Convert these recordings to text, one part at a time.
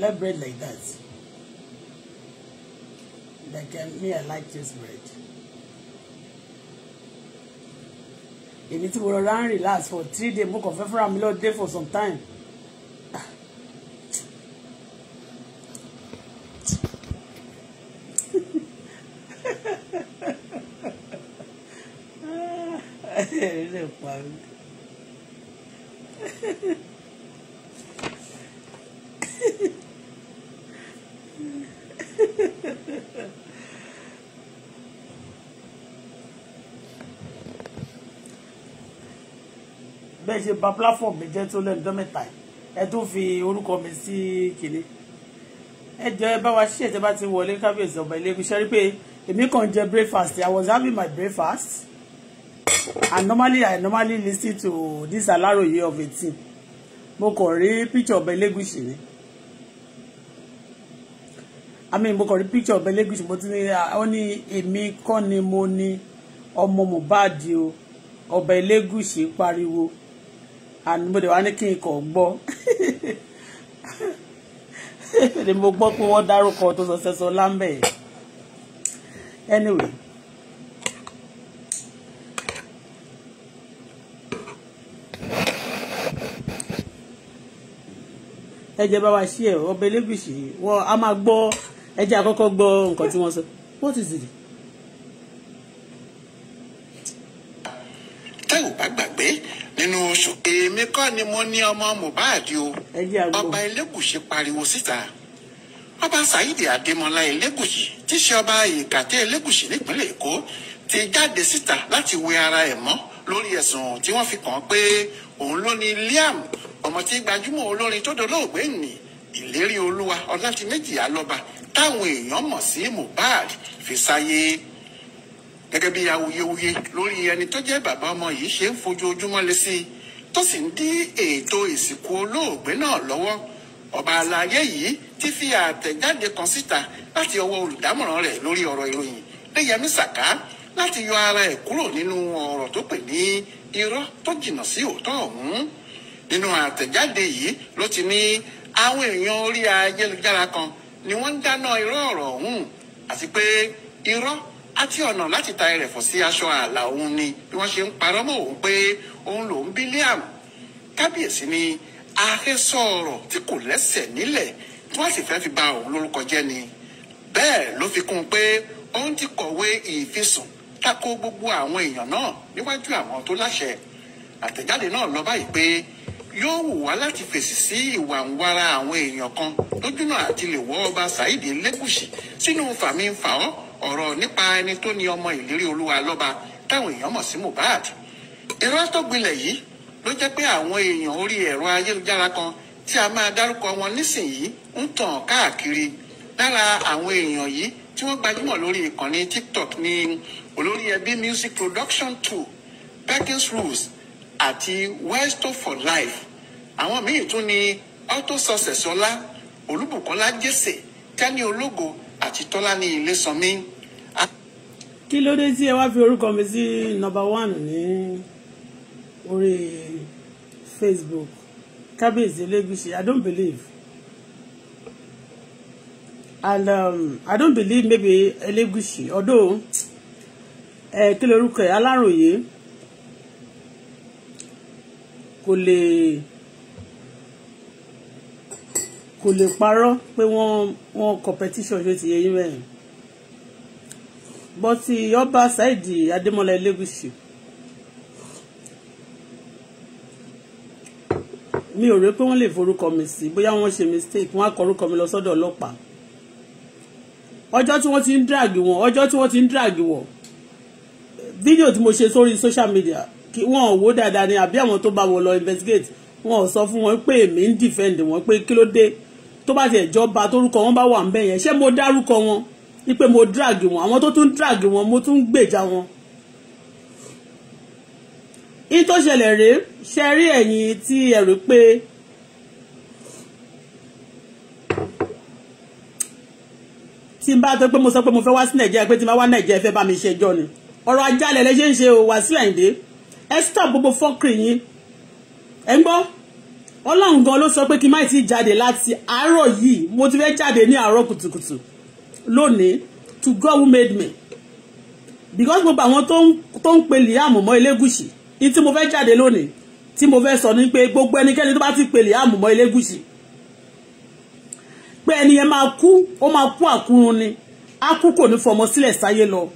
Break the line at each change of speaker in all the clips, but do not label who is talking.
love bread like that. Like uh, me, I like this bread. Èmi tí mo rọra ń relax for three days Book of fẹ́ fúnra day for some time. Ah, ẹ lè pa mí. ṣe ba platform mi jẹ́ tó lẹ́nu dọ́mẹ́ta ẹ tó fi orúkọ mi sí kele ẹ jẹ́ bá wa ṣí ẹ̀tẹ́ bá ti wọlé kábíyèsí ọba ilé iṣẹ́ rí pé èmi kàn jẹ breakfast I was having my breakfast and normally I normally listen to this Aláròyé of eighteen mo kàn rí picture ọba Elégùṣì ni I mean mo kàn rí picture ọba Elégùṣì mo ti ní ọ ní èmi kọ́ ni mo ní ọmọ Mohbad o ọba Elégùṣì pariwo àní mo dẹ̀ wá ní kí n kọ̀ gbọ́ ni mo gbọ́ pé wọ́n dárúkọ tó sọ sẹ́sọ lámbẹ̀ yìí anyway. ẹjẹ bá wa ṣí ẹ ọbẹ̀ lẹ́gùsì wọ́n a máa gbọ́ ẹjẹ àkọ́kọ́ gbọ́ nǹkan tí wọ́n sọ what is it.
nínú oṣù. èmi kọ́ ni mo ní ọmọ Mohbad o ọba Elégùṣì pariwo síta ọba Saheed Adémọlá Elégùṣì tí í ṣe ọba ìkàtẹ́ Elégùṣì nípínlẹ̀ Èkó ti jáde síta láti wẹ ara ẹ̀ mọ́ lórí ẹ̀sùn tí wọ́n fi kàn án pé òun ló ní Liam ọmọ tí gbajúmọ̀ olórin tó dolóògbé nì ìlérí olúwa ọ̀làtìmẹ́jì alọ́ba táwọn èèyàn mọ̀ sí Mohbad fi sáyé gẹ́gẹ́ bí awuyewuye lórí ẹni tó jẹ́ bàbá ọmọ yìí ṣe ń fojoojúmọ́ lé sí i tó sì ń dí ètò ìsìnkú olóògbé náà lọ́wọ́ ọba àlàyé yìí ti fi àtẹ̀jáde kan síta láti ọwọ́ olùdámọ̀ràn rẹ̀ lórí ọ̀rọ̀ ìròyìn Lẹ́yẹmí Sàká láti yọ ara ẹ̀ kúrò nínú ọ̀rọ̀ tó pè ní irọ́ tó jìnnà sí òótọ́ ọ̀hún nínú àtẹ̀jáde yìí ló ti ní àwọn èèyàn orí ayélujára kan ni wọ́n ń dáná irọ́ ọ̀rọ̀ ọ̀hún àti pé irọ́ àti ọ̀nà láti ta ẹrẹ̀fọ̀ sí aṣọ ààlà òun ni bí wọ́n ṣe ń parọ́ mọ́ òun pé òun lòún Biliam kábíyèsí ni ààrẹ sọ̀rọ̀ tí kò lẹ́sẹ̀ nílẹ̀ tí wọ́n sì fẹ́ fi ba òun lórúkọ jẹ́ ni bẹ́ẹ̀ ló fi kún un pé òun ti kọ̀wé ìfisùn tako gbogbo àwọn èèyàn náà níwájú àwọn tó láṣẹ àtẹ̀jáde náà lọ báyìí pé yóò wù wá láti fèsì sí ìwà ń wára àwọn èèyàn kan lójúnà àti lè wọ́ ọba Saheed Elégùṣì sínú fàmí ń ọ̀rọ̀ nípa ẹni tó ní ọmọ ìlérí olúwa lọ́ba táwọn èèyàn mọ̀ sí Mohbad irọ́ tó gbilẹ̀ yìí ló jẹ́ pé àwọn èèyàn orí ẹ̀rọ ayélujára kan tí a máa dárúkọ wọn nísìnyìí ń tàn káàkiri lára àwọn èèyàn yìí tí wọ́n gbajúmọ̀ lórí ìkànnì TikTok ní olórí ẹbí music production two Perkins Rules àti Westo for life àwọn míì tún ní auto success ọlá Olúbùkọ́lá jésè tẹ́ni ológo àti tọ́lá ní ilé sanmi
kí ló dé tí ẹ wá fi orúkọ mi sí number one ní orí Facebook kábíyèsí Elégùṣì I don't believe and um, I don't believe maybe Elégùṣì although ẹ kí lorúkọ ẹ Aláròyé kò lè kò lè parọ́ pé wọ́n wọ́n competition ṣe ti yẹ yín bẹ́ẹ̀ but ọba Saheed Adémọ́lá Elégùṣì mi ò rò pé wọ́n lè forúkọ mi sí bóyá wọ́n ṣe mistake wọ́n á kọrúkọ mi lọ sọ́dọ̀ ọlọ́pàá ọjọ́ tí wọ́n ti ń drag wọn ọjọ́ tí wọ́n ti ń drag wọn fídíò tí mo ṣe sórí social media kí wọ́n ò wò dáadáa ni àbí àwọn tó bá wọn lọ investigate wọn ò sọ fún wọn pé èmi ń defend wọn pé kí ló dé tó bá ti ẹ̀jọba tórúkọ wọn bá wà ń bẹ̀ ṣé mo dárúkọ wọn wípé mo drag wọn àwọn tó tún drag wọn mo tún gbèjà wọn. in tó ṣẹlẹ̀ rèé ṣe rí ẹ̀yìn tí ẹ pé tí n bá tó pé mo sọ pé mo fẹ́ wá sí nàìjíríà pé tí n bá wá nàìjíríà fẹ́ bá mi ṣẹjọ́ ni ọ̀rọ̀ ajálẹ̀ lẹ́ṣẹ̀ ń ṣe o wá sí àyíndé ẹ stop gbogbo fọ́ọ̀kì yín ẹ ń gbọ́ ọlọ́run gan ló sọ pé kí n má ti jáde láti àárọ̀ yìí mo ti fẹ́ jáde ní àárọ̀ kùtùkùtù lónìí to God who made me because gbogbo àwọn tó ń pe Liam mọ́ Elégùṣì ní tí mo fẹ́ jáde lónìí tí mo fẹ́ sọ ni pé gbogbo ẹnikẹ́ni tó bá ti pe Liam mọ́ Elégùṣì pé ẹni yẹn máa kú ó máa kú àkúrun ni á kò ní fọmọ sílẹ̀ sáyé lọ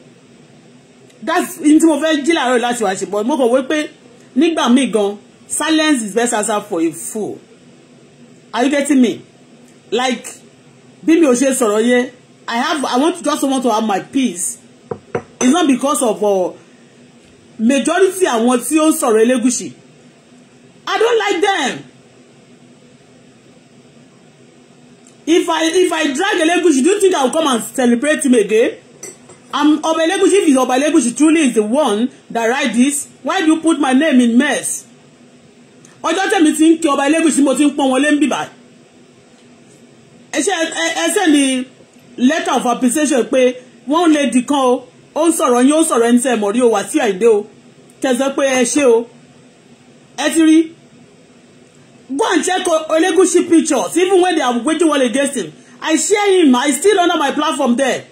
that's in tí mo fẹ́ jí làárọ̀ láti wá ṣe bọ́ mo kàn wé pé nígbà míì gan silence is best answer for a fool are you getting me like bí mi ò ṣe sọ̀rọ̀ yẹn I have I want to just want to have my peace it's not because of uh, majority àwọn tí ó ń sọ̀rọ̀ I don't like them if I if I drag a Elégùṣì do you think I will come and celebrate him again I'm Ọba Elégùṣì if Ọba Elégùṣì truly is the one that write this why do you put my name in mess Or tẹ̀mí ti ń kí Ọba Elégùṣì mo ti ń pọ́n wọn lé ń bìbà ẹ̀ṣẹ̀ ẹ̀ṣẹ̀ ni letter of appreciation pé wọ́n lè dìkan o ó ń sọ̀rọ̀ yín ó ń sọ̀rọ̀ ẹni tẹ́ ẹ mọ̀ rí o wà sí àìdé o tẹ̀sán pé ẹ ṣe o ẹ ti rí go and check Elegushi pictures even when they are waiting war against him I share him I still under my platform there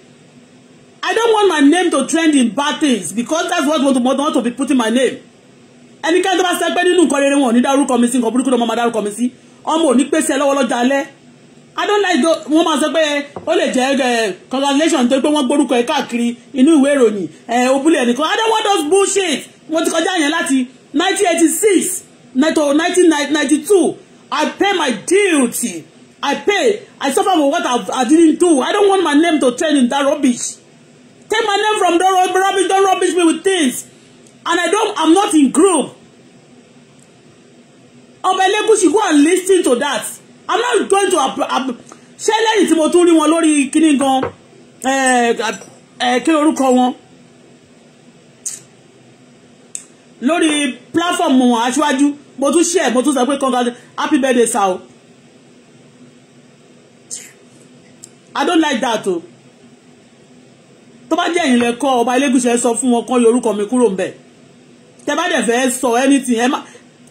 I don't want my name to trend in bad things because that's what want to want to be putting my name ẹnikẹ́ni tó bá sẹ́pẹ́ nínú nǹkan rere wọn ò ní dárúkọ mi sí nǹkan burúkú tó máa dárúkọ mi sí ọmọ ò ní pèsè lọ́wọ́ lọ́jà alẹ́ I don't like the wọ́n máa sọ pé ó lè jẹ́ eh, congratulation tó pé wọ́n gbórúkọ ẹ̀ káàkiri inú ìwé ìròyìn ẹ̀ eh, òbúlẹ̀ nìkan I don't want those bullshit mo ti kọjá yẹn láti nineteen eighty six to nineteen ninety two I pay my duty I pay I suffer for what I, didn't do I don't want my name to turn into that rubbish take my name from that rubbish don't rubbish me with things and I don't I'm not in group Ọba Elegushi go and listen to that i'm not going to ṣé lẹ́yìn tí mo tún rí wọn lórí kíní gan eh, eh, kí orúkọ wọn lórí platform wọn aṣíwájú mo tún share mo tún sọ pé congrats happy birthday sir o i don't like that o tó bá jẹ́ ìyìnlẹ̀ kọ́ ọba Elégùṣì sọ fún wọn kán yọ orúkọ mi kúrò ń bẹ̀ tẹ bá dẹ̀ fẹ́ sọ anything ẹ má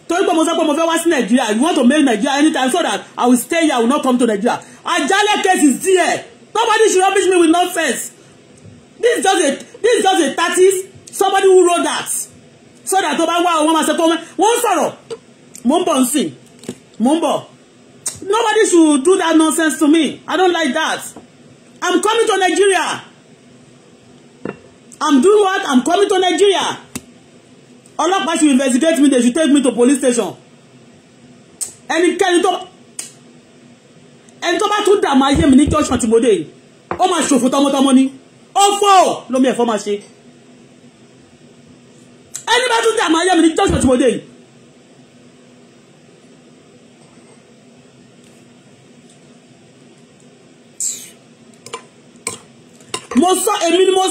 torí pé mo sọ pé mo fẹ́ wá sí nàìjíríà you want to make nàìjíríà anytime so that i will stay here i will not come to nàìjíríà àjálẹ̀ case is there nobody should rubbish me with nonsense this is just a this is just a thirties somebody who wrote that so that tó bá wá àwọn ọmọ ṣe kọ́ wọ́n sọ̀rọ̀ mò ń bọ̀ ń sìn mò ń bọ̀ nobody should do that nonsense to me i don't like that i'm coming to nigeria i'm doing what i'm coming to nigeria ọlọ́pàá should investigate me they should take me to police station ẹnikẹ́ni tó ẹni tó bá tún dààmú ayé mi ní junction tí mo dé yìí ó máa ṣòfò tọmọtọmọ ni ó fò lómi ẹ̀fọ́ máa ṣe ẹni bá tún dààmú ayé mi ní junction tí mo dé yìí mo sọ èmi ni mo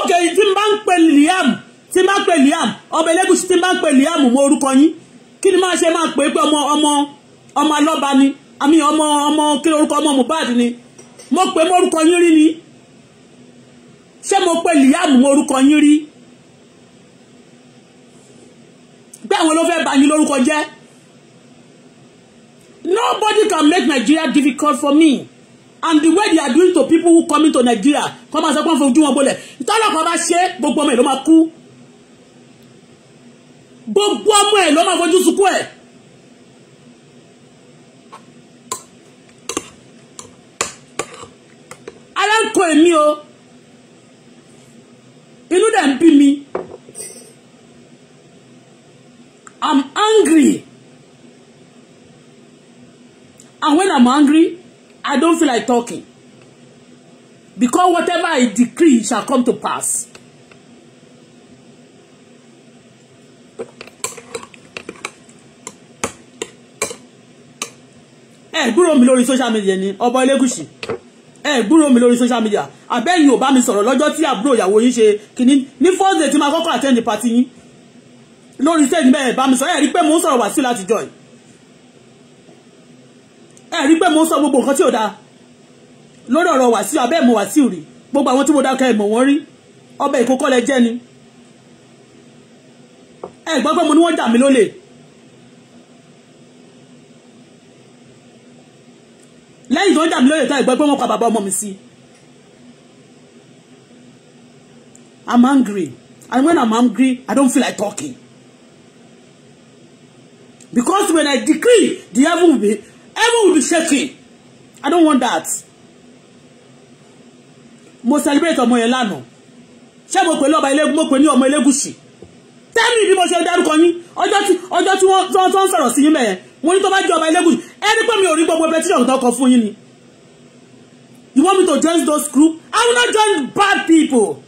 ok tí n bá ń pè Liam tí n pè Liam ọba Elégùṣì tí n pè Liam mọ orúkọ yín kí ni máa ṣe máa pè é pé ọmọ ọmọ ọmọ alọ́ba ni àmì ọmọ ọmọ kí ni orúkọ ọmọ Mohbad ni mo pè é mọ orúkọ yín rí ni ṣé mo pè Liam mọ orúkọ yín rí pé àwọn ló fẹ́ yín lórúkọ jẹ́ nobody can make Nigeria difficult for me and the way they are doing to people who come into Nigeria kọ́ máa sọ pé wọ́n fojú wọn bolẹ̀ tọ́lọ́pàá bá ṣe gbogbo ọmọ ìlú máa kú gbogbo ọmọ ẹ̀ ló máa fojú sunkún ẹ̀. ara ń kọ èmi o inú dẹ̀ ń bí mi I'm angry and when I'm angry I don't feel like talking because whatever I decree shall come to pass. ẹ gbúrò mi lórí social media ni ọbọ elégùsì ẹ gbúrò mi lórí social media àbẹ́yìn ò bá mi sọ̀rọ̀ lọ́jọ́ tí àbúrò ìyàwó yín ṣe kìíní ní first day tí máa kọ́kọ́ attend party yín lórí stage bẹ́ẹ̀ bá mi sọ̀rọ̀ ẹ rí pé mò ń sọ̀rọ̀ wá sí láti joy ẹ rí pé mò ń sọ gbogbo nǹkan tí ò dáa lórí ọ̀rọ̀ Wàsíù abẹ́ mọ̀ Wàsíù rí gbogbo àwọn tí mo dákẹ́ ìmọ̀ wọn rí ọbẹ̀ ìkókọ́ lẹ jẹ́ ni ẹ gbọ́ pé mo ní wọ́n jà mí lólè lẹ́yìn tó ń dàbí lóye tó ìgbọ́ pé wọ́n pa bàbá ọmọ mi sí I'm angry and when I'm angry I don't feel like talking because when I decree the heaven will be heaven will be shaking I don't want that mo celebrate ọmọ yẹn lánàá ṣé mo pè ní ọba ilégún mo pè ní ọmọ Elégùṣì tẹ́lẹ̀ bí mo ṣe dárúkọ yín ọjọ́ tí wọ́n ń sọ̀rọ̀ sí yín mẹ́yẹn mo ní tó bá jẹ́ ọba elégùsù ẹni pé mi ò rí gbogbo petition tó kọ fún yín ni you want me to join those group I will not join bad people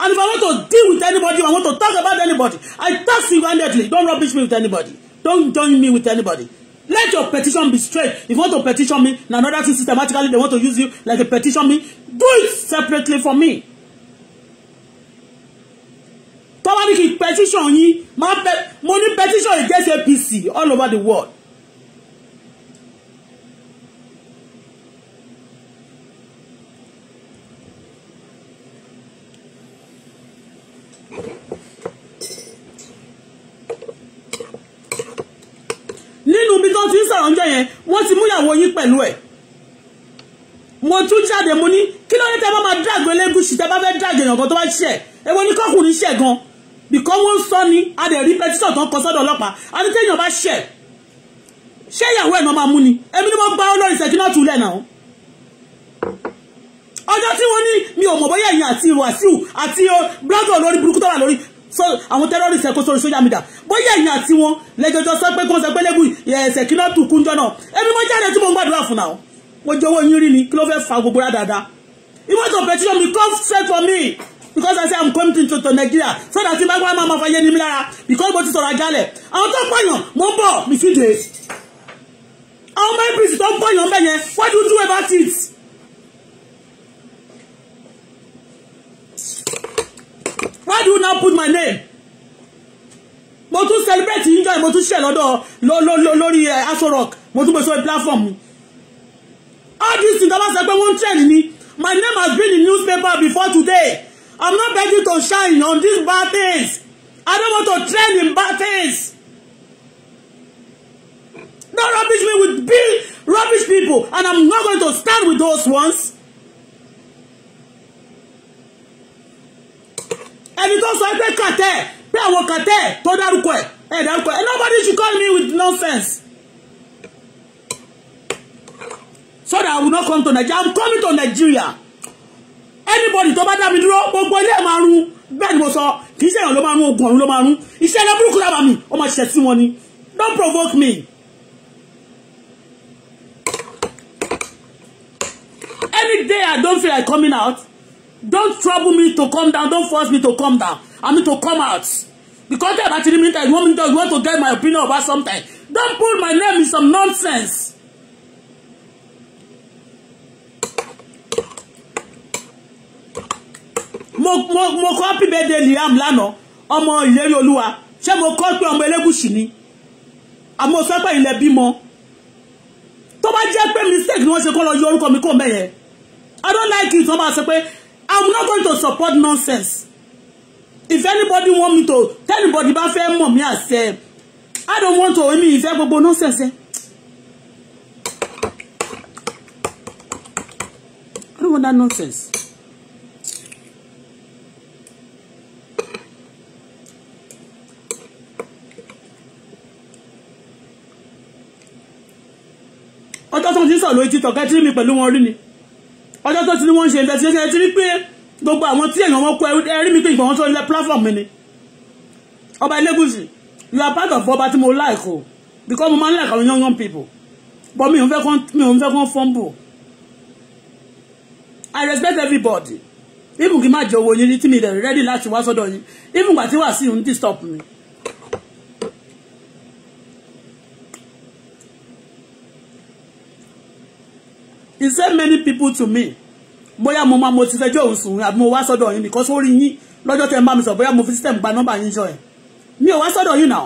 and if I want to deal with anybody I want to talk about anybody I talk to you immediately don't rubbish me with anybody don't join me with anybody let your petition be straight if you want to petition me na another thing systematically they want to use you like a petition me do it separately for me tọ́wá ní kí petition yín máa mo ní petition against APC all over the world sọ̀rọ̀ ńjọ́ yẹn wọ́n ti múyàwó yín pẹ̀lú ẹ̀ mo tún jáde mo ní kí ló ní tẹ́ bá máa dàgbé lẹ́gùsì tẹ́ bá fẹ́ dàgbé nǹkan tó bá ṣẹ̀ èwo ní kọ́kùnrin ṣẹ̀ gan bìkọ́ wọ́n ń sọ ni a dẹ̀ rí pẹtísọ̀ tó ń kọ sọ́dọ̀ ọlọ́pàá a ní téèyàn bá ṣẹ̀ ṣé ìyàwó ẹ̀ náà máa mú ni èmi ni mo gba olórin ṣèkínà túlẹ̀ náà ọjọ́ tí wọ́n ní mi ò mọ̀ bóyá ẹ̀yìn àti Wàsíù àti eh, blọ́gà olórí burúkú tó wà lórí so àwọn terrorist ẹ kó sórí social media bóyá ẹ̀yin àti wọn lẹ́jọ́jọ́ sọ pé kó sọ pé lẹ́gùn ẹ̀sẹ̀ kí náà tù kúnjọ́ náà èmi mo jáde tí mo ń gbàdúrà fún náà mo jẹ owó yín rí ni kí ló fẹ́ fa gbogbo rà dáadáa you want to petition me come straight for me because I say I'm coming to, to Nigeria so that if I go my mama yẹn ní mi lára because mo ti sọ̀rọ̀ ajálẹ̀ àwọn tó pọ̀yàn mo ń bọ̀ mi fi dé àwọn ọmọ APC tó ń pọ̀yàn bẹ́yẹn what do you do about it? why do you now put my name mo tún celebrate yín jọ́ọ̀ mo tún ṣe lọ́dọ̀ lórí eh, aṣọ rock mo tún gbé sórí platform all these things ọba sọ pé wọ́n ń trend ni my name has been in newspaper before today i'm not begging to shine on these bad things i don't want to trend in bad things don't rubbish me with big rubbish people and i'm not going to stand with those ones. ẹni tó sọ pé kàtẹ́ pé àwọn kàtẹ́ tó dárúkọ ẹ̀ ẹ̀ dárúkọ ẹ̀ nobody should call me with nonsense so that I will not come to Nigeria I'm coming to Nigeria anybody tó bá dá mi dúró gbogbo ilé ẹ̀ máa run bẹ́ẹ̀ ni mo sọ kì í ṣe èèyàn ló máa run ogun ọ̀run ló máa run iṣẹ́ ẹ̀rọ burúkú lábàá mi ó ṣiṣẹ́ sí wọn ni don't provoke me. Any day I don't feel like coming out don't trouble me to come down don't force me to come down I mean to come out because tẹ́ ẹ bá ti rí mi níta you want to you want to get my opinion about something don't put my name in some nonsense. mo mo mo kọ́ happy birthday Liam lánàá ọmọ ìlérí olúwa ṣé mo kọ́ pé ọmọ elégùsì ni àmọ́ sọ pé ilẹ̀ bímọ tó bá jẹ́ pé mistake ni wọ́n ṣe kọ́ lọ yọ orúkọ mi kò mẹ́yẹ I don't like it wọ́n máa sọ pé I'm not going to support nonsense. If anybody want me to tell anybody about fẹ́ mọ̀ mí àṣẹ eh, I don't want to èmi ìfẹ́ gbogbo nonsense. Eh? I don't want that nonsense. ọjọ́ tó ń ti sọ̀rọ̀ lórí títọ̀ kẹ́tìrì mi pẹ̀lú wọn rí ni ọjọ́ tó ti ní wọ́n ń ṣe investigation ẹ ti rí pé gbogbo àwọn tí èèyàn wọn kọ ẹrí mi pé ìgbà wọn tó lẹ platform mi ni ọba Elégùṣì you are part of ọba tí mo like o because mo máa ń like àwọn young young people but mi ò fẹ́ kán mi ò fẹ́ kán fumble I respect everybody even kí n má jẹ owó yín tí mi rẹ̀ ready láti wá sọ́dọ̀ yín even gbà tí wàá sí ń disturb mi. he said many people to me bóyá mo máa mo ti fẹjọ́ òun sùn àbí mo wá sọ́dọ̀ yín because ó rí yín lọ́jọ́ tẹ́ ń bá mi sọ bóyá mo fi system gba nọ́mbà yín jọ ẹ̀ mi ò wá sọ́dọ̀ yín náà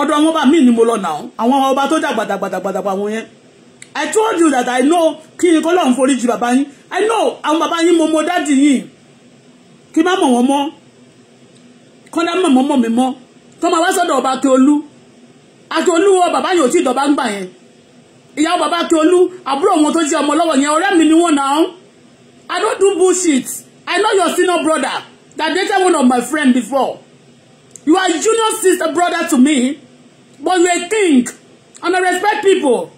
ọ̀dọ̀ àwọn ọba mi ni mo lọ náà àwọn ọba tó dàgbà dàgbà dàgbà dàgbà wọn yẹn I told you that I know kí n kọ́ lọ́n forí ju bàbá yín I know àwọn bàbá yín mo mọ dáàdì yín kí má mọ̀ wọ́n mọ́ kọ́dá mọ̀ mọ́ mọ́ mi mọ́ tọ́ máa wá sọ́dọ̀ ọba Akíolú Akíolú wọ bàbá yín ò tí ì dọ̀ bá ń gbà yẹn ìyá bàbá Akiolú àbúrò wọn tó jẹ́ ọmọ lọ́wọ́ yẹn ọ̀rẹ́ mi ni wọ́n náà I don't do bullshit I know your senior brother that dated one of my friend before you are junior sister brother to me but you a king and I respect people.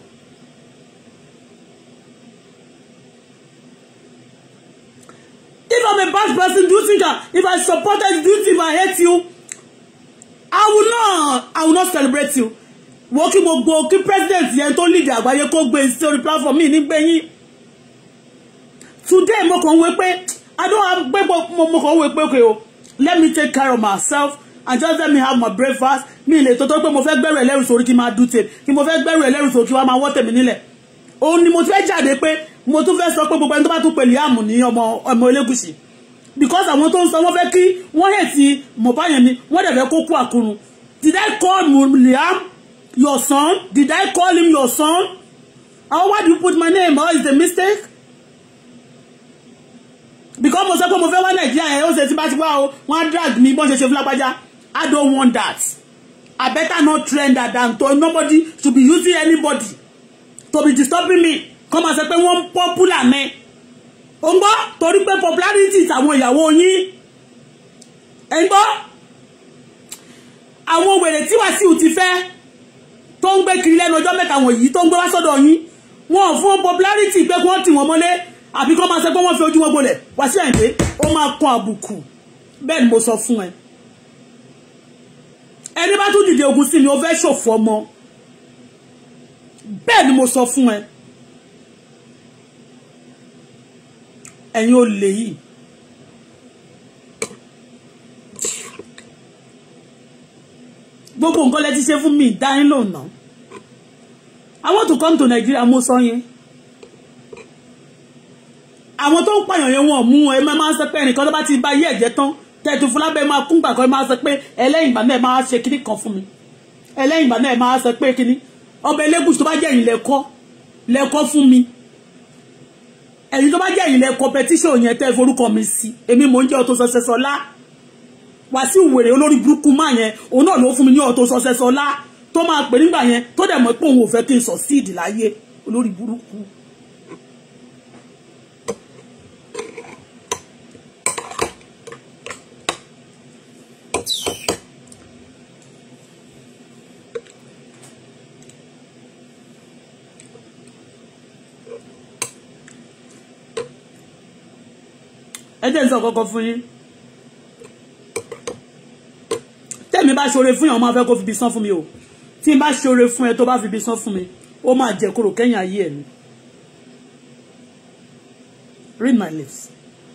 If I'm a bad person, do you think I, if I supported you, do you think I hate you? I will not, I will not celebrate you wo kí gbogbo kí president yẹn tó lead àgbáyé kó gbé sórí platform mi ní gbẹ̀yìn today mo kàn wé pé i don have mo kàn wé pé okay o let me take care of myself and just let me have my breakfast mi lè tọ́tọ́ pé mo fẹ́ gbẹ́rù ẹlẹ́rù sórí kí n máa dùn tèmi kí mo fẹ́ gbẹ́rù ẹlẹ́rù sórí kí wọ́n máa wọ́ tèmi nílẹ̀ òun ni mo fẹ́ jáde pé mo tún fẹ́ sọ pé gbogbo ẹni tó bá tún pèlè àmù ní ọmọ ọmọ Elégùṣì because àwọn tó ń sọ wọ́n fẹ́ kí wọ́n hẹ̀ sí Mohbad yẹn ni wọ́n dẹ̀ fẹ́ kó kú àkúrun did I call Liam Your son? Did I call him your son? Or why do you put my name? Or is the mistake? Because mo sọ pé mo fẹ́ wá Nàìjíríà ẹ̀ ó ṣe tí bá ti wá o, wọ́n á drag mi bọ́n ṣe ṣe I don't want that. I better not trend that than to nobody to be using anybody to be disturbing me. Kọ́ máa sọ pé wọ́n popular mi. Ó ń gbọ́ torí pé popularity tàwọn ìyàwó yín. Ẹ I want when wèrè tí Wàsíù ti fẹ́ tó ń gbé kiri lẹ́nu ọjọ́ mẹ́ta wọ̀nyí tó ń gbé wá sọ́dọ̀ yín wọn fún popularity pé kí wọ́n tì wọ́n mọ́lé àbí kọ́ máa ṣe pé wọ́n fi ojú wọn gbolẹ̀ Wasiu Ayinde ó máa kọ àbùkù bẹ́ẹ̀ ni mo sọ fún ẹ ẹni bá tún dìde ogun sí ni ó fẹ́ ṣòfò ọmọ bẹ́ẹ̀ ni mo sọ fún ẹ ẹ̀yin olè yìí gbogbo nǹkan lẹ ti ṣe fún mi ìdáyín lòun I want to come to Nigeria mo sọ yẹn àwọn tó ń pààyàn yẹn wọn mú ẹ máa máa ń sọ pé ẹnìkan tó bá ti ba ayé ẹ̀jẹ̀ tán tẹ̀tù fún lábẹ́ máa kún gbàgbọ́ ẹ máa sọ pé ẹlẹ́yìn ìgbà náà ẹ máa ṣe kíní kan fún mi ẹlẹ́yìn ìgbà náà ẹ máa sọ pé kíní ọba elégùsù tó bá jẹ́ ẹ̀yìn lẹ́kọ́ lẹ́kọ́ fún mi ẹ̀yìn tó bá jẹ́ ẹ̀yìn lẹ́kọ́ pẹtíṣọ̀ yẹn tẹ́ forúkọ mi sí èmi mò ń jẹ́ ọ̀tọ̀ sọ̀sẹ̀ sọ̀lá wèrè olórí burúkú máa yẹn òun náà ló fún mi ní ọ̀tọ̀ sọ̀sẹ̀ tó máa pè nígbà yẹn tó dẹ̀ mọ̀ pé òun ò fẹ́ kí n succeed láyé olórí burúkú. ẹ jẹ́ n sọ kọ́kọ́ fún yín tẹ́mi bá ṣoore fún yàn ọmọ afẹ́ kó fi bí san fún mi o tí n bá ṣoore fún ẹ tó bá fi ibi san fún mi ó máa jẹ kúrò kẹ́yìn ayé ẹ̀ ni read my lips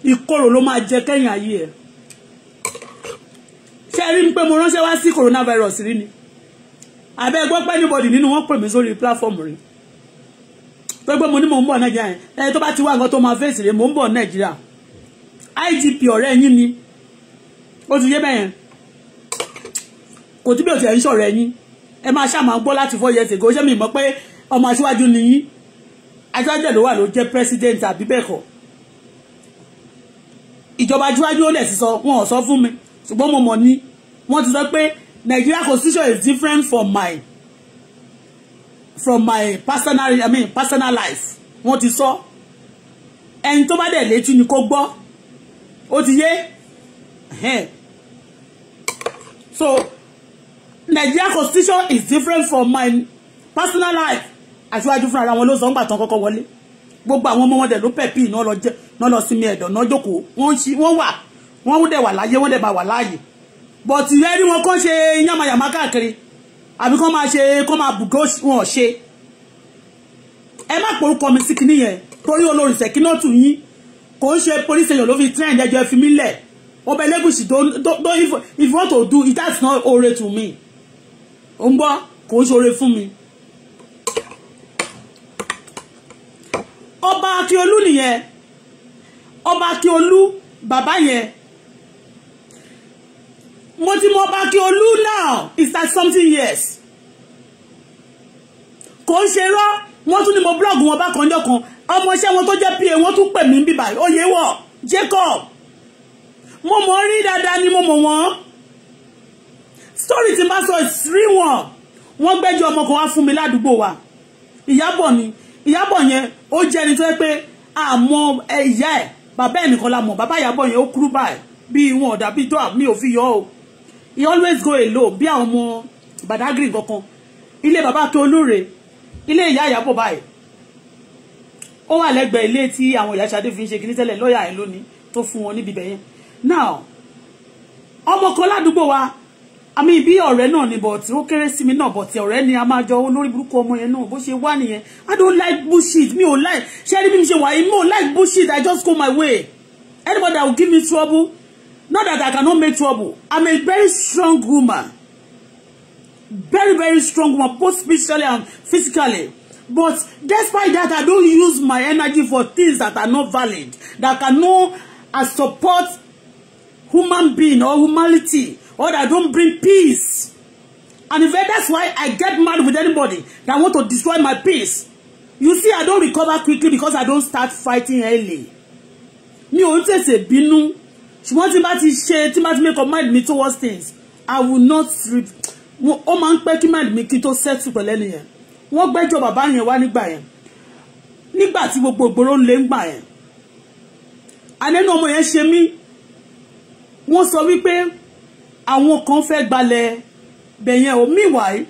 ìkorò ló máa jẹ kẹ́yìn ayé ẹ̀ ṣe rí pé mo ránṣẹ́ wá sí coronavirus rí ni àbẹ́ gbọ́ pé anybody nínú wọn pè mí sórí platform rí tó gbé mo ní mò ń bọ̀ nàìjíríà yẹn ẹ tó bá ti wá nǹkan tó máa fèsì rè mò ń bọ̀ nàìjíríà IGP ọ̀rẹ́ yín ni ó ti yé bẹ́yẹn kò tí bí o ti ẹ̀ ń ṣọ̀rẹ́ yín ẹ máa ṣàmà gbọ́ láti four years ago ṣé mi mọ̀ pé ọmọ aṣíwájú ni yín aṣíwájú ẹ̀ ló wà ló jẹ́ president àbí bẹ́ẹ̀ kọ́ ìjọba aṣíwájú ó lẹ̀ sí sọ wọn ò sọ fún mi ṣùgbọ́n mo mọ̀ ní wọ́n ti sọ pé Nigeria constitution is different from my from my personal I mean personal life wọ́n ti sọ ẹni tó bá dẹ̀ létí ni kó gbọ́ ó ti yé so Nigeria constitution is different from my personal life aṣíwájú fúnra ara wọn ló sọ ń gbà tán kọ́kọ́ wọlé gbogbo àwọn ọmọ wọn dẹ̀ ló pẹ̀pì náà lọ sinmi ẹ̀dọ̀ náà jókòó wọ́n wà wọ́n dẹ̀ wà láyé wọ́n dẹ̀ bá wà láàyè but ìyá rí wọn kọ́ ṣe yàmàyàmà káàkiri àbí kọ́ máa ṣe kọ́ máa bùgó wọn ṣe ẹ má porúkọ mi sí kinní yẹn torí olórí ṣèkínọ́tù yín kò ń ṣe police èèyàn ló fi trend ẹjọ́ ẹ fi mí lẹ̀ Ọba Elégùṣì don't don't if you want to do it that's not ore to me ó ń bọ́ kò ń ṣoore fún mi. ọba akíolú nìyẹn ọba akíolú bàbá yẹn mo ti mọ ọba akíolú now Is that something years kò ń ṣe rọ́ wọ́n tún ní mo blog wọn bá kanjọ́ kan ọmọọṣẹ́ wọn tó jẹ́ pa wọ́n tún pè mí bíbá oyè wọ̀ Jacob mo mọ̀ rí dáadáa ni mo mọ̀ wọ́n story tí n bá sọ ìsírí One wọ́n gbẹ́jọ́ ọmọ kan wá fún mi ládùúgbò wa ìyábọ̀ ni ìyábọ̀ yẹn ó jẹ́ ẹni tó yẹ pé àmọ́ ẹ̀yà ẹ̀ bàbá ẹ̀ nìkan la mọ̀ bàbá ìyábọ̀ yẹn ó kúrú báyìí bí wọn ọ̀dà bí dọ́à mi ò fi yọ o he always go alone Bi àwọn mo. Badagry kankan ilé bàbá tó olóore ilé ìyá ìyábọ̀ báyìí ó wà lẹ́gbẹ̀ẹ́ ilé tí àwọn ìyá Ṣadé fi ń ṣe kíní tẹ́lẹ̀ lọ́ọ̀yà ẹ̀ lónìí tó fún wọn níbi bẹ̀yẹn now ọmọ kan ládùúgbò wa àmì bí ọ̀rẹ́ náà ni but ó kéré sí mi náà but ọ̀rẹ́ ni a máa jọ olórí burúkú ọmọ yẹn náà bó ṣe wà nìyẹn i don't like bullshit mi ò like ṣé rí bí mi ṣe wà yìí mi ò like bullshit i just go my way anybody that will give me trouble not that i cannot make trouble i'm a very strong woman very very strong woman both spiritually and physically but despite that i don't use my energy for things that are not valid that cannot uh, support human being or humanity or that don't bring peace. And if that's why I get mad with anybody that want to destroy my peace. You see, I don't recover quickly because I don't start fighting early. Me ò tètè binu, she tí n bá ti ṣe, tí n bá make up mind me towards things, I will not ó máa ń pẹ́ mind me kí set settle pẹ̀lú ẹni yẹn. Wọ́n gbẹ́jọ́ bàbá yẹn wá nígbà yẹn. Nígbà tí gbogbo ìgboro ń lé ń gbà yẹn. Àlẹ́ nu ọmọ yẹn ṣe mí. Wọ́n àwọn kan fẹ́ gbalẹ̀ bẹ̀yẹn o meanwhile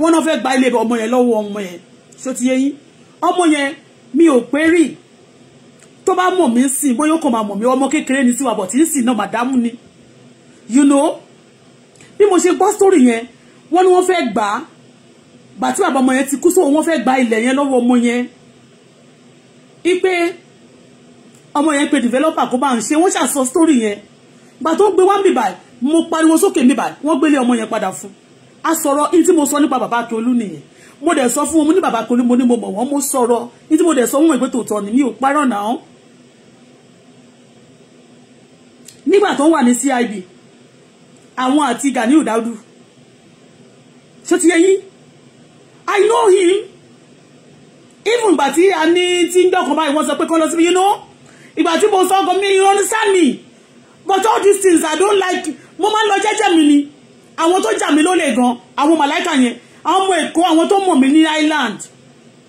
wọ́n náà fẹ́ gba ilé ọmọ yẹn lọ́wọ́ ọmọ yẹn ṣó ti yé yín ọmọ yẹn mi ò pé rí tó bá mọ̀ mí sìn bóyá ó kò máa mọ̀ mí ọmọ kékeré ni tiwa bọ̀ tí ń sìn náà màdámù ni you know bí mo ṣe gbọ́ sórí yẹn wọ́n ní wọ́n fẹ́ gbà á bàtí bàbá ọmọ yẹn ti kú sóò wọ́n fẹ́ gba ilẹ̀ yẹn lọ́wọ́ ọmọ yẹn ipe ọmọ yẹn pe developer kó bá ń ṣe wọ́n ṣàṣọ sórí yẹn gbà tó gbé wá bì báyìí mo pariwo sókè mi báyìí wọ́n gbélé ọmọ yẹn padà fún a sọ̀rọ̀ ní tí mo sọ nípa bàbá Tolú nìyẹn mo dẹ̀ sọ fún wọn mo ní bàbá Tolú mo ní mo mọ̀ wọ́n mo sọ̀rọ̀ ní tí mo dẹ̀ sọ wọn ìgbé tòótọ́ ni mi ò parọ́ náà nígbà tó wà ní CIB àwọn àti Ganiu Daudu ṣé ti yẹ yín I know him even ìgbà tí a ní tí ń dọ̀kan báyìí wọ́n sọ pé kọ́ lọ síbi yín náà ìgbà tí mo sọ ọkọ mi you understand me but all these things I don't like mo máa ń lọ jẹ́jẹ́ mi ni àwọn tó jà mí lólè gan àwọn màláìkà yẹn àwọn ọmọ èkó àwọn tó mọ̀ mí ní island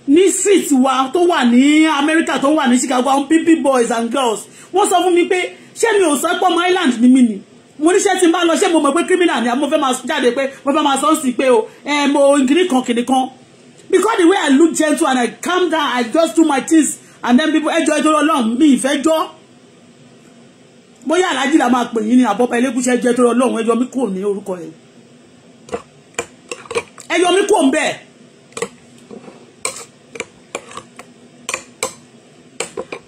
ní street wa tó wà ní America tó wà ní Chicago àwọn pp boys and girls wọ́n sọ fún mi pé ṣé mi ò sọ pé ọmọ island ni mí ni mo níṣẹ́ tí n bá lọ ṣé mo mọ̀ pé criminal ni mo fẹ́ máa jáde pé mo fẹ́ máa sọ sí pé o ẹ mo ìgírí kan kìnì kan because the way I look gentle and I calm down I just do my things and then people ẹjọ́ ẹjọ́ Ọlọ́run mi ìfẹ́ jọ́ bóyá aláàjì la máa pè yín ní àbọ́pá elégúnṣẹ́ jẹ́ tó ọlọ́run ẹ yọ mí kúrò ní orúkọ yẹn ẹ yọ mí kúrò ń bẹ́ẹ̀.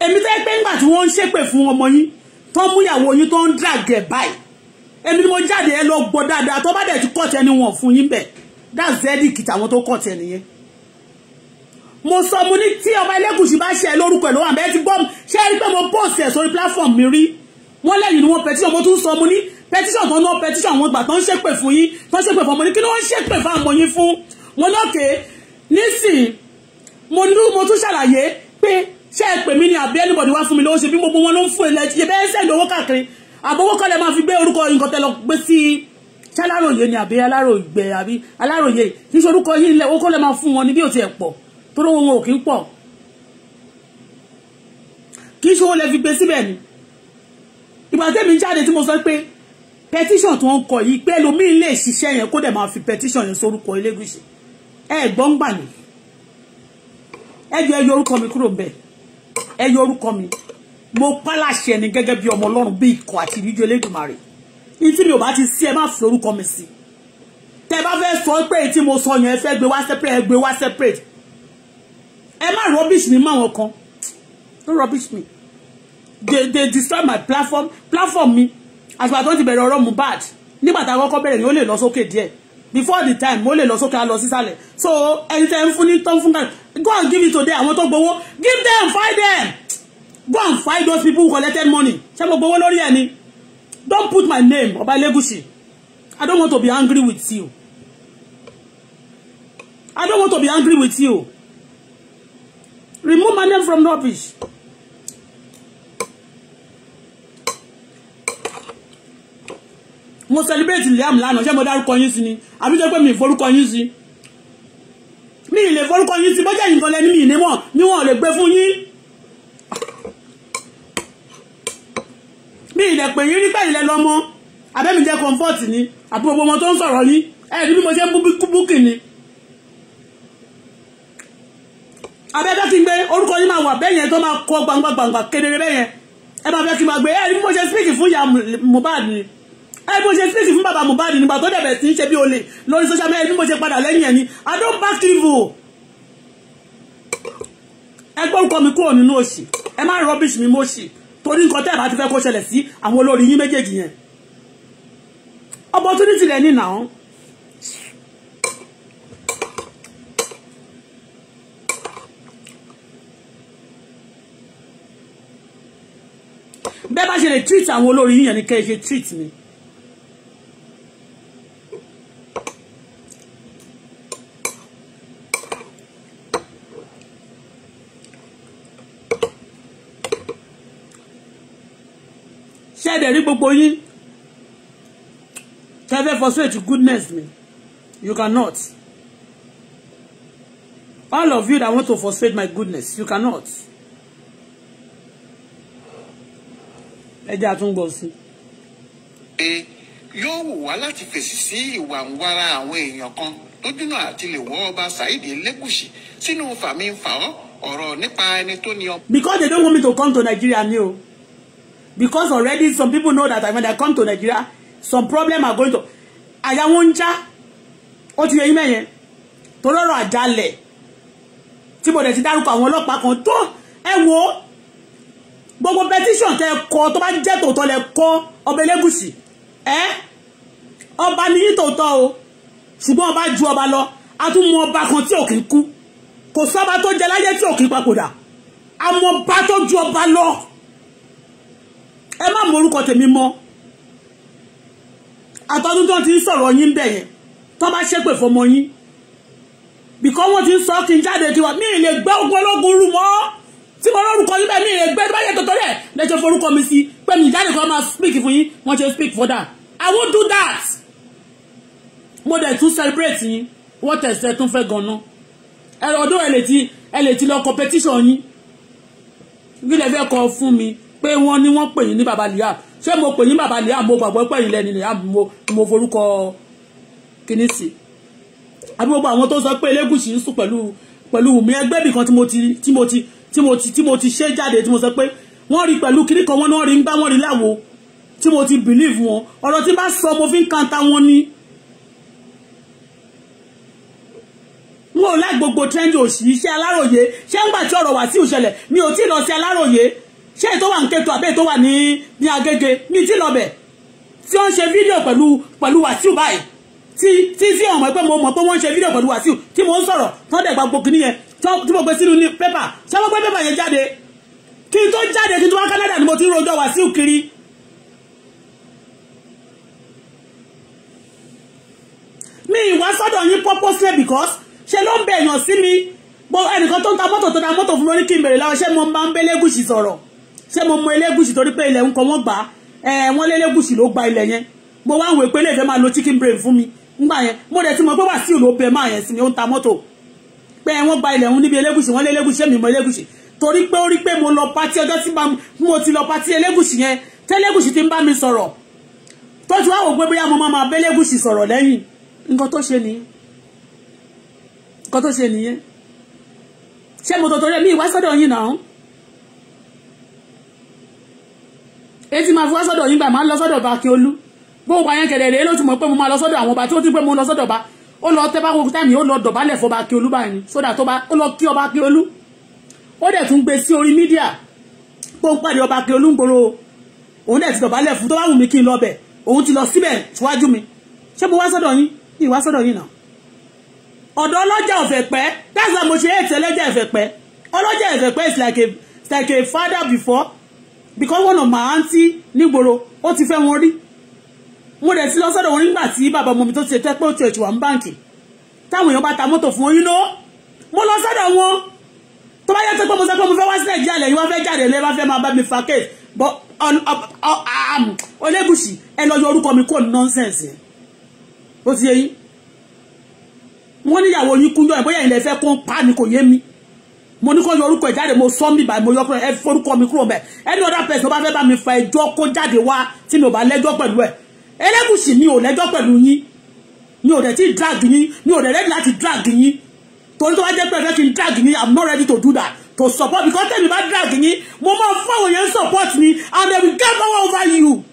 èmi tẹ́ pé ńgbà tí wọ́n ń ṣépè fún ọmọ yín tó ń múyàwó yín tó ń dàgẹ̀ báyìí èmi ni mo jáde ẹ lọ gbọ́ dáadáa tó bá dẹ̀ ti kọ́ tẹni wọn fún yín bẹ̀ dáàzẹ́dì kìtà àwọn tó kọ́ tẹni yẹn mo sọ mo ní tí ọba Elégùṣì bá ṣe lórúkọ ẹ̀ lọ́wọ́ àbẹ́ ti gbọ́ ṣé ẹ rí pé mo post ẹ̀ sórí platform mi rí wọ́n lẹ́yìn ni wọ́n petition mo tún sọ mo ní petition kan náà petition àwọn gbà tán ṣépè fún yín tán ṣépè fún ọmọ ní kí ni wọ́n ṣépè fún àmọ́ yín fún wọn lókè nísìn mo ní mo tún ṣàlàyé pé ṣé ẹ pè mí ni àbí anybody wá fún mi lówó ṣe bí gbogbo wọn ló ń fún ilẹ̀ ṣe bẹ́ẹ̀ sẹ́ni owó káàkiri àbówó kọ́lẹ̀ máa fi gbé orúkọ nǹkan tẹ lọ gbé sí ṣáláròyé ni àbí alárògbé àbí aláròyé níṣẹ́ orúkọ yìí ilẹ̀ owó kọ́lẹ̀ máa fún wọn ní bí ò ti ẹ̀ pọ̀ tó lówó wọn ò kí ń pọ̀ kì í ṣe owó lẹ fi gbé síbẹ̀ ni ìgbà tẹ́mi jáde tí mo sọ pé petition tí wọ́n kọ yìí pé ẹlòmíín lè ṣiṣẹ́ yẹn kó dẹ̀ máa fi petition yẹn sórúkọ Elégùṣì ẹ gbọ́n gbà mí ẹ jọ ẹ yọ orúkọ mi kúrò bẹ́ẹ̀ ẹ yọ orúkọ mi mo pálàṣẹ ni gẹ́gẹ́ bí ọmọ ọlọ́run bí ikọ̀ àti ìdíjọ Elédùmarè ìtí mi ò bá ti sí ẹ má fi orúkọ mi sí tẹ bá fẹ́ sọ pé tí mo sọ yẹn ẹ fẹ́ gbé wá separate ẹ gbé wá separate ẹ má rubbish mi mọ́ àwọn kan don't rubbish me they they destroy my platform platform mi as tó ti bẹ̀rẹ̀ ọ̀rọ̀ Mohbad nígbà tá a kọ́kọ́ bẹ̀rẹ̀ ni ó lè lọ sókè díẹ̀ before the time ó lè lọ sókè á lọ sísàlẹ̀ so ẹni tẹ́ ń fún ní tán fún kan go and give it to them àwọn tó gbowó give them fight them go and fight those people who collected money ṣé mo gbowó lórí ẹni don't put my name Ọba Elegushi I don't want to be angry with you I don't want to be angry with you remove my name from rubbish. mo celebrate Liam lánàá ṣé mo dárúkọ yín sí ni àbí tó pé mi forúkọ yín sí mi ì lè forúkọ yín sí bọ́jà yìí kan lẹ́ni mi ì ní wọ́n ni wọ́n lè gbé fún yín mi ì lè pè yín nígbà ìlẹ̀ lọ́mọ abẹ́mi jẹ́ comfort ni àbí gbogbo ọmọ tó ń sọ̀rọ̀ yín ẹ̀ ní bí mo ṣe ń búkì ni abẹ́fẹ́ kí n gbé orúkọ yín máa wà bẹ́ẹ̀ yẹn tó máa kọ gbangba gbangba kedere bẹ́ẹ̀ yẹn ẹ máa fẹ́ kí n máa gbé ẹ̀ ní bí mo ṣe speak fún ìyá Mohbad ni ẹ bó ṣe sílẹ̀sì fún bàbá Mohbad nígbà tó dẹ̀bẹ̀ sí ṣe bí olè lórí social media bí mo ṣe padà lẹ́yìn ẹ̀ ni I don't back evil ẹ gbọ́ orúkọ mi kúrò nínú òṣì ẹ má rubbish mi mọ́ṣì torí nǹkan tẹ́ ẹ bá ti fẹ́ kó ṣẹlẹ̀ sí àwọn olórí yín méjèèjì yẹn opportunity lẹ́ni náà bẹ́ẹ̀ bá ṣe lè treat àwọn olórí yín yẹn ni kẹ́ ẹ ṣe treat mi. gbogbo yín tẹ́fẹ́ frustrate goodness mi you cannot all of you that want to frustrate my goodness you cannot
ẹ jẹ́ àtúngbọ̀ sí. yóò wù wá láti fèsì sí ìwà ń wára àwọn èèyàn kan lójúnà àti lè wọ́ ọba Saheed Elegushi sínú fàmí fà ọ́ ọ̀rọ̀ nípa ẹni tó ní ọ. because they
don't want me to come to Nigeria ni o because already some people know that when I come to Nigeria some problem are going to àyà wọn ń já ó ti yẹ yín mẹ́yẹn tó lọ́rọ̀ àjálẹ̀ tí mo dẹ̀ ti dárúkọ àwọn ọlọ́pàá kan tó ẹ wo gbogbo petition tẹ kọ tó bá jẹ́ tòótọ́ lẹ kọ ọba Elégùṣì ẹ ọba ní tòótọ́ o ṣùgbọ́n ọba ju ọba lọ a tún mú ọba kan tí ò kì í kú kò sọ́ba tó jẹ láyé tí ò kì í papòdà àmọ́ ọba tó ju ọba lọ ẹ má morúkọ tèmi mọ́ àtọ́dún tó ti ń sọ̀rọ̀ yín bẹ̀ yẹn tó bá ṣépè fọmọ yín bìkọ́ wọ́n ti ń sọ kí n jáde kí wọ́n mi ì lè gbẹ́ ogun ológun rú mọ́ tí mo lórúkọ yín bẹ́ẹ̀ mi ì lè gbẹ́ báyẹ̀ tọ́tọ́ rẹ̀ lẹ́jọ́ forúkọ mi sí pé mi ìjáde kan máa speak fún yín wọ́n ṣe speak for that I won't do that mo dẹ̀ tún celebrate yín wọ́n tẹ̀sẹ̀ tún fẹ́ gan-an ẹ̀rọ ọdún ẹ̀ lè ti ẹ̀ lè ti lọ competition yín kí lè fẹ́ kọ fún mi pé wọ́n ní wọ́n pè yín ní baba liam ṣé mo pè yín baba liam mo gbàgbọ́ pé yín lẹ́ni liam mo mo forúkọ kíní sí àbí gbogbo àwọn tó sọ pé elégùsì ń sùn pẹ̀lú pẹ̀lú mi ẹgbẹ́ bì kan tí mo ti tí mo ti tí mo ti tí mo ti ṣe jáde tí mo sọ pé wọ́n rí pẹ̀lú kíní kan wọ́n ní wọ́n rí ń gbá wọ́n rí láwo tí mo ti believe wọn ọ̀rọ̀ tí bá sọ mo fi ń kanta wọn ni. wọn ò láì gbogbo trend òṣì iṣẹ́ aláròye ṣé ń gbà tí ọ̀rọ̀ wà sí òṣẹlẹ̀ mi ò tí ì lọ sí aláròye ṣé èyí tó wà ní Kétu àbẹ́ èyí tó wà ní ní Agége ní tí lọ́bẹ̀ tí wọ́n ṣe fídíò pẹ̀lú pẹ̀lú Wàsíù báyìí tí tí sí ọmọ pé mo mọ̀ pé wọ́n ṣe fídíò pẹ̀lú Wàsíù tí mo ń sọ̀rọ̀ tán dẹ̀ gbàgbó kìíní yẹn tí mo gbé sínú ní pépà ṣé wọ́n gbé pépà yẹn jáde kí n tó jáde kí n tó wá Canada ni mo ti ń rojọ́ Wàsíù kiri mi ìwà sọ́dọ̀ yín purposely because ṣe ló ń bẹ̀yàn sí mi gbogbo ẹnìkan tó ń ta mọ́tò tó ta mọ́tò fún mi ní kí n bèrè láwọn ṣé mo máa ń bẹ́lẹ́gùsì sọ̀rọ̀ ṣé mo mọ elégùsì torí pé ilẹ̀ ń kọ wọ́n gbà ẹ̀ wọ́n lélégùsì ló gba ilẹ̀ yẹn mo wá wò pé ilé ìfẹ́ máa lo chicken brain fún mi ngbà yẹn mo dẹ̀ ti mọ̀ pé Wàsíù ló bẹ máa yẹn sí ni ó ń ta mọ́tò pé wọ́n gba ilẹ̀ ń níbi elégùsì wọ́n lélégùsì ṣé mi mọ elégùsì torí pé ó rí pé mo lọ pátí ọjọ́ tí mo ti lọ pátí elégùsì yẹn tẹ́lẹ́gùsì ti ń bá mi sọ̀rọ̀ tó ti pé bóyá mo máa máa bẹ́lẹ́gùsì sọ̀rọ̀ lẹ́yìn nǹkan tó ṣe nìyẹn nǹkan tó ṣe nìyẹn ṣé mo tòtò rẹ̀ mí ìwá yín náà etí máa fi wá sọ́dọ̀ yín gbà máa lọ sọ́dọ̀ bá kí olú bó wà yẹn kẹ̀dẹ̀ rèé ló ti mọ̀ pé mo máa lọ sọ́dọ̀ àwọn ọba tí ó ti pé mo lọ sọ́dọ̀ bá ó lọ tẹ́ bá wo táìmì ó lọ dọ̀bálẹ̀ fọba kí olú báyìí sódà tó bá ó lọ kí ọba kí olú ó dẹ̀ tún gbé sí orí mídíà pé ó ń pàdé ọba kí olú ń gbòòrò òun dẹ̀ ti dọ̀bálẹ̀ fún tó bá wù mí kí n lọ bẹ̀ òun ti lọ síbẹ̀ síwájú mi ṣé mo wá sọ́dọ̀ yín ní ìwá sọ́dọ̀ yín náà ọ̀dọ̀ ọlọ́jà ọ̀fẹ̀pẹ́ that's why mo ṣe é tẹ́lẹ́jà ẹ̀fẹ̀pẹ́ ọlọ́jà ẹ̀fẹ̀pẹ́ is like a is like a father before because one of my auntie nígboro ó ti fẹ́ wọn rí mo dẹ̀ ti lọ sọ́dọ̀ wọn nígbà tí bàbá ọmọ mi tó ti tẹ́ pé ó ti ẹ̀jọ̀ wà ní báǹkì táwọn èèyàn bá ta mọ́tò fún oyún lọ mo lọ sọ́dọ̀ wọn tó bá yẹ pé mo sọ pé mo fẹ́ wá sílẹ̀ jálẹ̀ yìí wá fẹ́ jáde lẹ́ wá fẹ́ máa bá mi fa case but um, Olébùṣì ẹ lọ yọ orúkọ mi kò nọ́nsẹ̀nsì ó ti yẹ yín wọ́n níyàwó yín kúnjọ́ ẹ̀ bóyá ilẹ̀ fẹ́ kó pa ni kò yé mi mo ní kó yọ orúkọ ìjáde mo sọ mi báyìí mo yọ kúrò ẹ forúkọ mi kúrò bẹ ẹni ọ̀dà pẹ̀sì ọba fẹ́ bá mi fa ẹjọ́ kó jáde wá tí mi ò bá lẹ́jọ́ pẹ̀lú ẹ̀ Elégùṣì mi ò lẹ́jọ́ pẹ̀lú yín mi ò dẹ̀ ti drag yín mi ò dẹ̀ ready láti drag yín torí tó bá jẹ́ pé ẹ fẹ́ fi drag yín I'm not ready to do that to support because tẹ̀mí bá drag yín mo máa fáwọn yẹn support mi and they will get power over you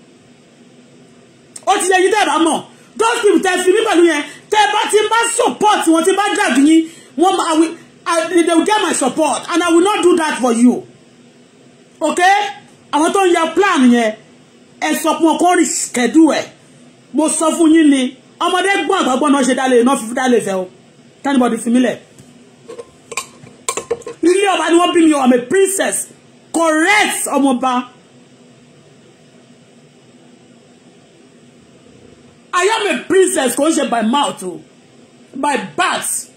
ó ti yẹ yín tẹ́ ẹ bá mọ̀ those people tẹ́ fi mí pẹ̀lú yẹn tẹ́ ẹ bá ti bá support wọn ti bá drag yín wọ́n máa wí and they will get my support and I will not do that for you okay àwọn tó ń ya plan yẹn ẹ sọ fún ọkọ rí schedule ẹ mo sọ fún yín ni ọmọdé gbọ́n àgbàgbọ́n náà ṣe dálé iná fífi dálé fẹ́ o tánibọ̀dì fi mílẹ̀ ilé ọba ni wọ́n bí mi a princess correct ọmọọba I am a princess kò ń ṣe by mouth o by birth.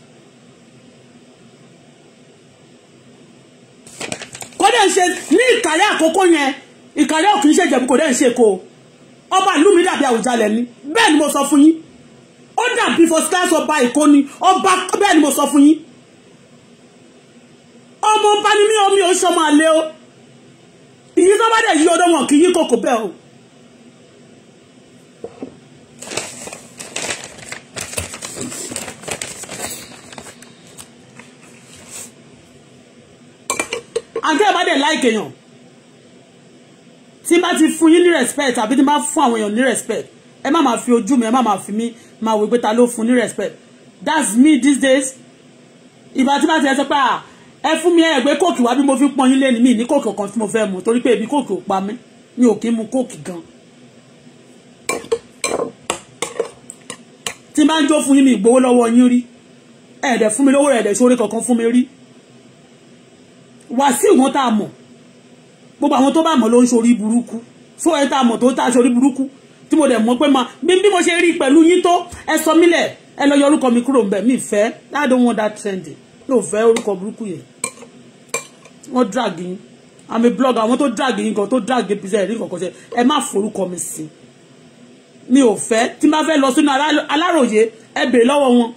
kódà ń ṣe ní ìkàrẹ́ àkókò yẹn ìkàrẹ́ òkè ń ṣèjẹ̀bù kódà ń ṣe kó ọba ìlú mi dàbí Àwùjalẹ̀ ni bẹ́ẹ̀ ni mo sọ fún yín ó dàbí first class ọba Èkó ni ọba bẹ́ẹ̀ ni mo sọ fún yín ọmọ ọba ni mí omi ò ń ṣọmọ àlẹ́ o ìyí tó bá dẹ̀ yí ọdọ́ wọn kì í yí kòkó bẹ́ẹ̀ o. àǹtí ẹ̀ bá dẹ̀ láìkè yàn tí bá ti fún yín ní respect àbí tí bá fún àwọn èèyàn ní respect ẹ má máa fi ojú mi ẹ má máa fi mí máa wò pé ta ló fún ní respect that's me these days ìgbà tí bá ti ẹ sọ pé à ah, ẹ fún mi ẹgbẹ́ kóòkì wá bí mo fi pọ́n yín lé ní mi ní kóòkì kan tí mo fẹ́ mu torí pé ebi kóòkì ò pa mí mi ò kí ń mu kóòkì gan tí bá ń jó fún yín mi ìgbowó lọ́wọ́ yín rí ẹ̀ẹ́dẹ̀ fún mi lówó ẹ̀ẹ́dẹ̀ sórí kankan fún mi rí Wàsíù wọn tá a mọ̀ gbogbo àwọn tó bá mọ̀ ló ń ṣorí burúkú so ẹ tá a mọ̀ tó tá a ṣorí burúkú tí mo dẹ̀ mọ̀ pé máa bí bí mo ṣe rí pẹ̀lú yín tó ẹ sọ mílẹ̀ ẹ lọ yọ orúkọ mi kúrò ńbẹ̀ mi fẹ́ I don't want that trend ló fẹ́ orúkọ burúkú yẹn wọ́n drag yín àmì blogger àwọn tó drag yín kan tó drag pizza ẹ̀rí kankan ṣe ẹ má forúkọ mi sí mi ò fẹ́ tí n bá fẹ́ lọ sínú aláròye ẹ bèrè lọ́wọ́ wọn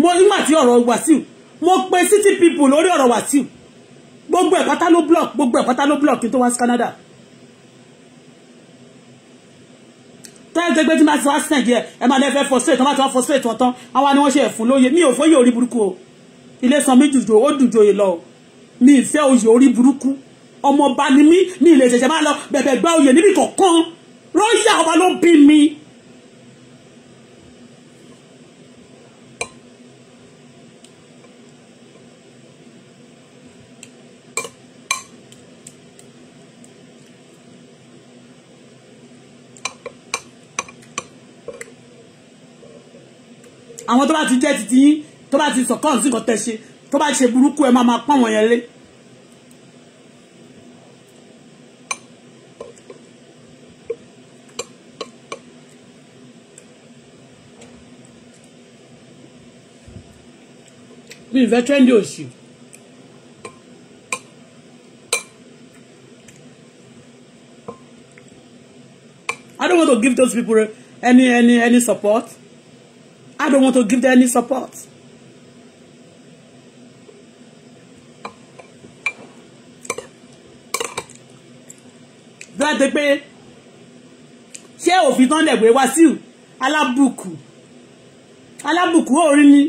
mo nígbà tí ọ̀rọ̀ Wàsíù mo pe city people lórí ọ̀rọ̀ Wàsíù gbogbo ẹ̀ pátá ló block gbogbo ẹ̀ pátá ló block kí n tó wá sí Canada tẹ́gbẹ́gbẹ́ tí máa ti wá sí nàìjíríà ẹ máa lẹ́fẹ́ frustrate wọ́n máa ti wá frustrate wọ́n tán àwa ni wọ́n ṣe ẹ̀fún lóye mi ò fẹ́ yóò rí burúkú o ilé san mi dùjò ó dùjò yìí lọ mi ì fẹ́ oyè orí burúkú ọmọ ọba ni mí mi ì lè ṣẹ̀ṣẹ̀ máa lọ bẹ̀bẹ̀ gba oyè níbi kọ̀ọ̀kan royal ọba ló bí mi àwọn tó bá ti jẹ́ titi yín tó bá ti sọ̀kọ́ sí nǹkan tẹ́ tó bá ṣe burúkú ẹ máa máa pọ́n wọn lé. mi ìfẹ́ trendy òsì. I don't want to give those people any any any support. I don't want to give them any support. pay. láti pé ṣé òfin tán lẹ̀gbẹ́ Wàsíù alábùkù alábùkù orí ni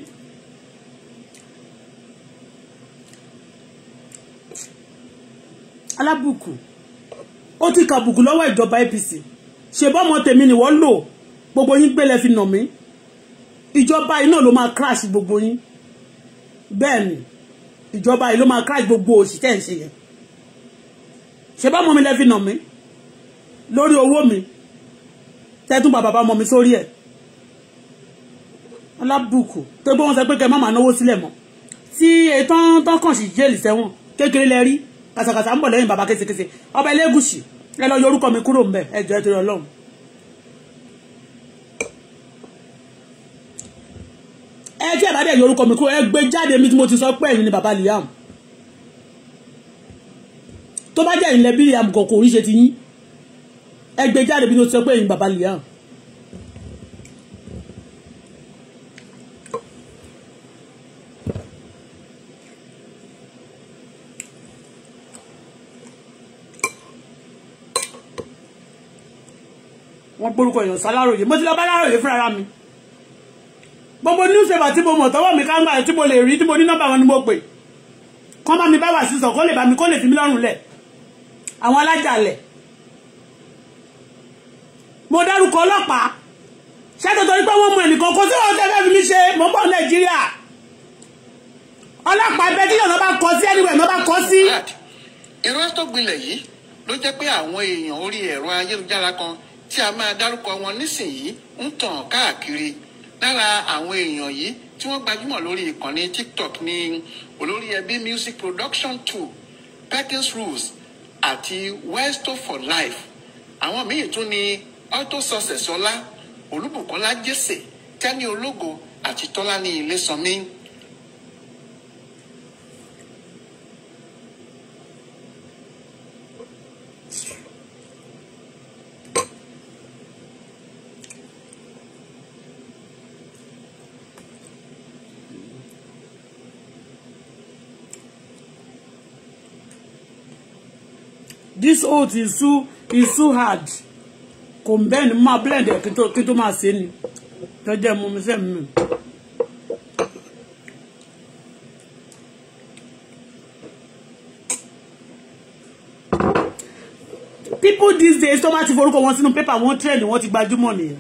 alábùkù ó ti kàbùkù lọ́wọ́ ìjọba APC ṣèbọ́mọ tèmi ni wọ́n lò gbogbo yín gbélé fi nà mí ìjọba yìí náà ló máa crash gbogbo yín bẹ́ẹ̀ ni ìjọba yìí ló máa crash gbogbo òṣìṣẹ́ ìṣe yẹn ṣe bá mọ mi lẹ́fì nà mí lórí owó mi tẹ́tún bàbá bá mọ mi sórí ẹ̀ alábùkù tó gbé wọn sọ pé kẹ má máa náwó sílẹ̀ mọ́ tí etán tán kàn sí jẹ́ẹ̀lì sẹ́wọ̀n kékeré lẹ rí kàṣàkàṣà ń bọ̀ lẹ́yìn bàbá késekése ọba Elégùṣì ẹ lọ yọ orúkọ mi kúrò ń bẹ̀ ẹ jọ ẹ torí Ọlọ́run ẹ tí àbádẹ́ yọ orúkọ mi kúrò ẹ gbé jáde mi tí mo ti sọ pé ẹ̀yin ni bàbá Liam tó bá jẹ́ ẹ̀yin lẹ́bí Liam kọ̀ọ̀kan orí ṣe ti yín ẹ gbé jáde mi tí mo ti sọ pé ẹ̀yin bàbá Liam. wọ́n gbórúkọ èèyàn sáláròyé mo ti lọ bá láròyé fúnra mi gbogbo newspaper tí mo mọ̀ tọwọ́ mi káńgbà tí mo lè rí tí mo ní nọ́mbà wọn ni mo pè kọ́ bá mi bá wà sísọ kó lè bá mi kó lè fi mí lọ́rùn lẹ̀ àwọn alájàlẹ̀ mo dárúkọ ọlọ́pàá ṣẹ́tọ̀ torí pé wọ́n mú ẹnìkan kó sí wọn tẹ́ fẹ́ fi mí ṣe mo ń bọ̀ nàìjíríà
ọlọ́pàá ẹgbẹ́ tí yọ̀nà bá kọ sí ẹniwẹ̀ náà bá kọ sí. irọ́ tó gbilẹ̀ yìí ló jẹ́ pé àwọn èèyàn orí ẹ̀rọ ayélujára kan tí a máa dárúkọ wọn nísìnyí ń tàn káàkiri lára àwọn èèyàn yìí tí wọ́n gbajúmọ̀ lórí ìkànnì tiktok ni olórí ẹbí music production two perkins rules àti westo for life àwọn míì tún ni auto success ọlá olúbùkọ́lá jésè tẹ́ni ológo àti tọ́lá ní ilé sanmi.
this oat is so is so hard Combine ń bẹ́ẹ̀ ni máa blend ẹ̀ kí tó kí tó máa ṣe ni tọ́jú mu mi sẹ́mi mi. people these days tó bá ti forúkọ wọn sínú pépà wọn trend wọn ti gbajúmọ̀ nìyẹn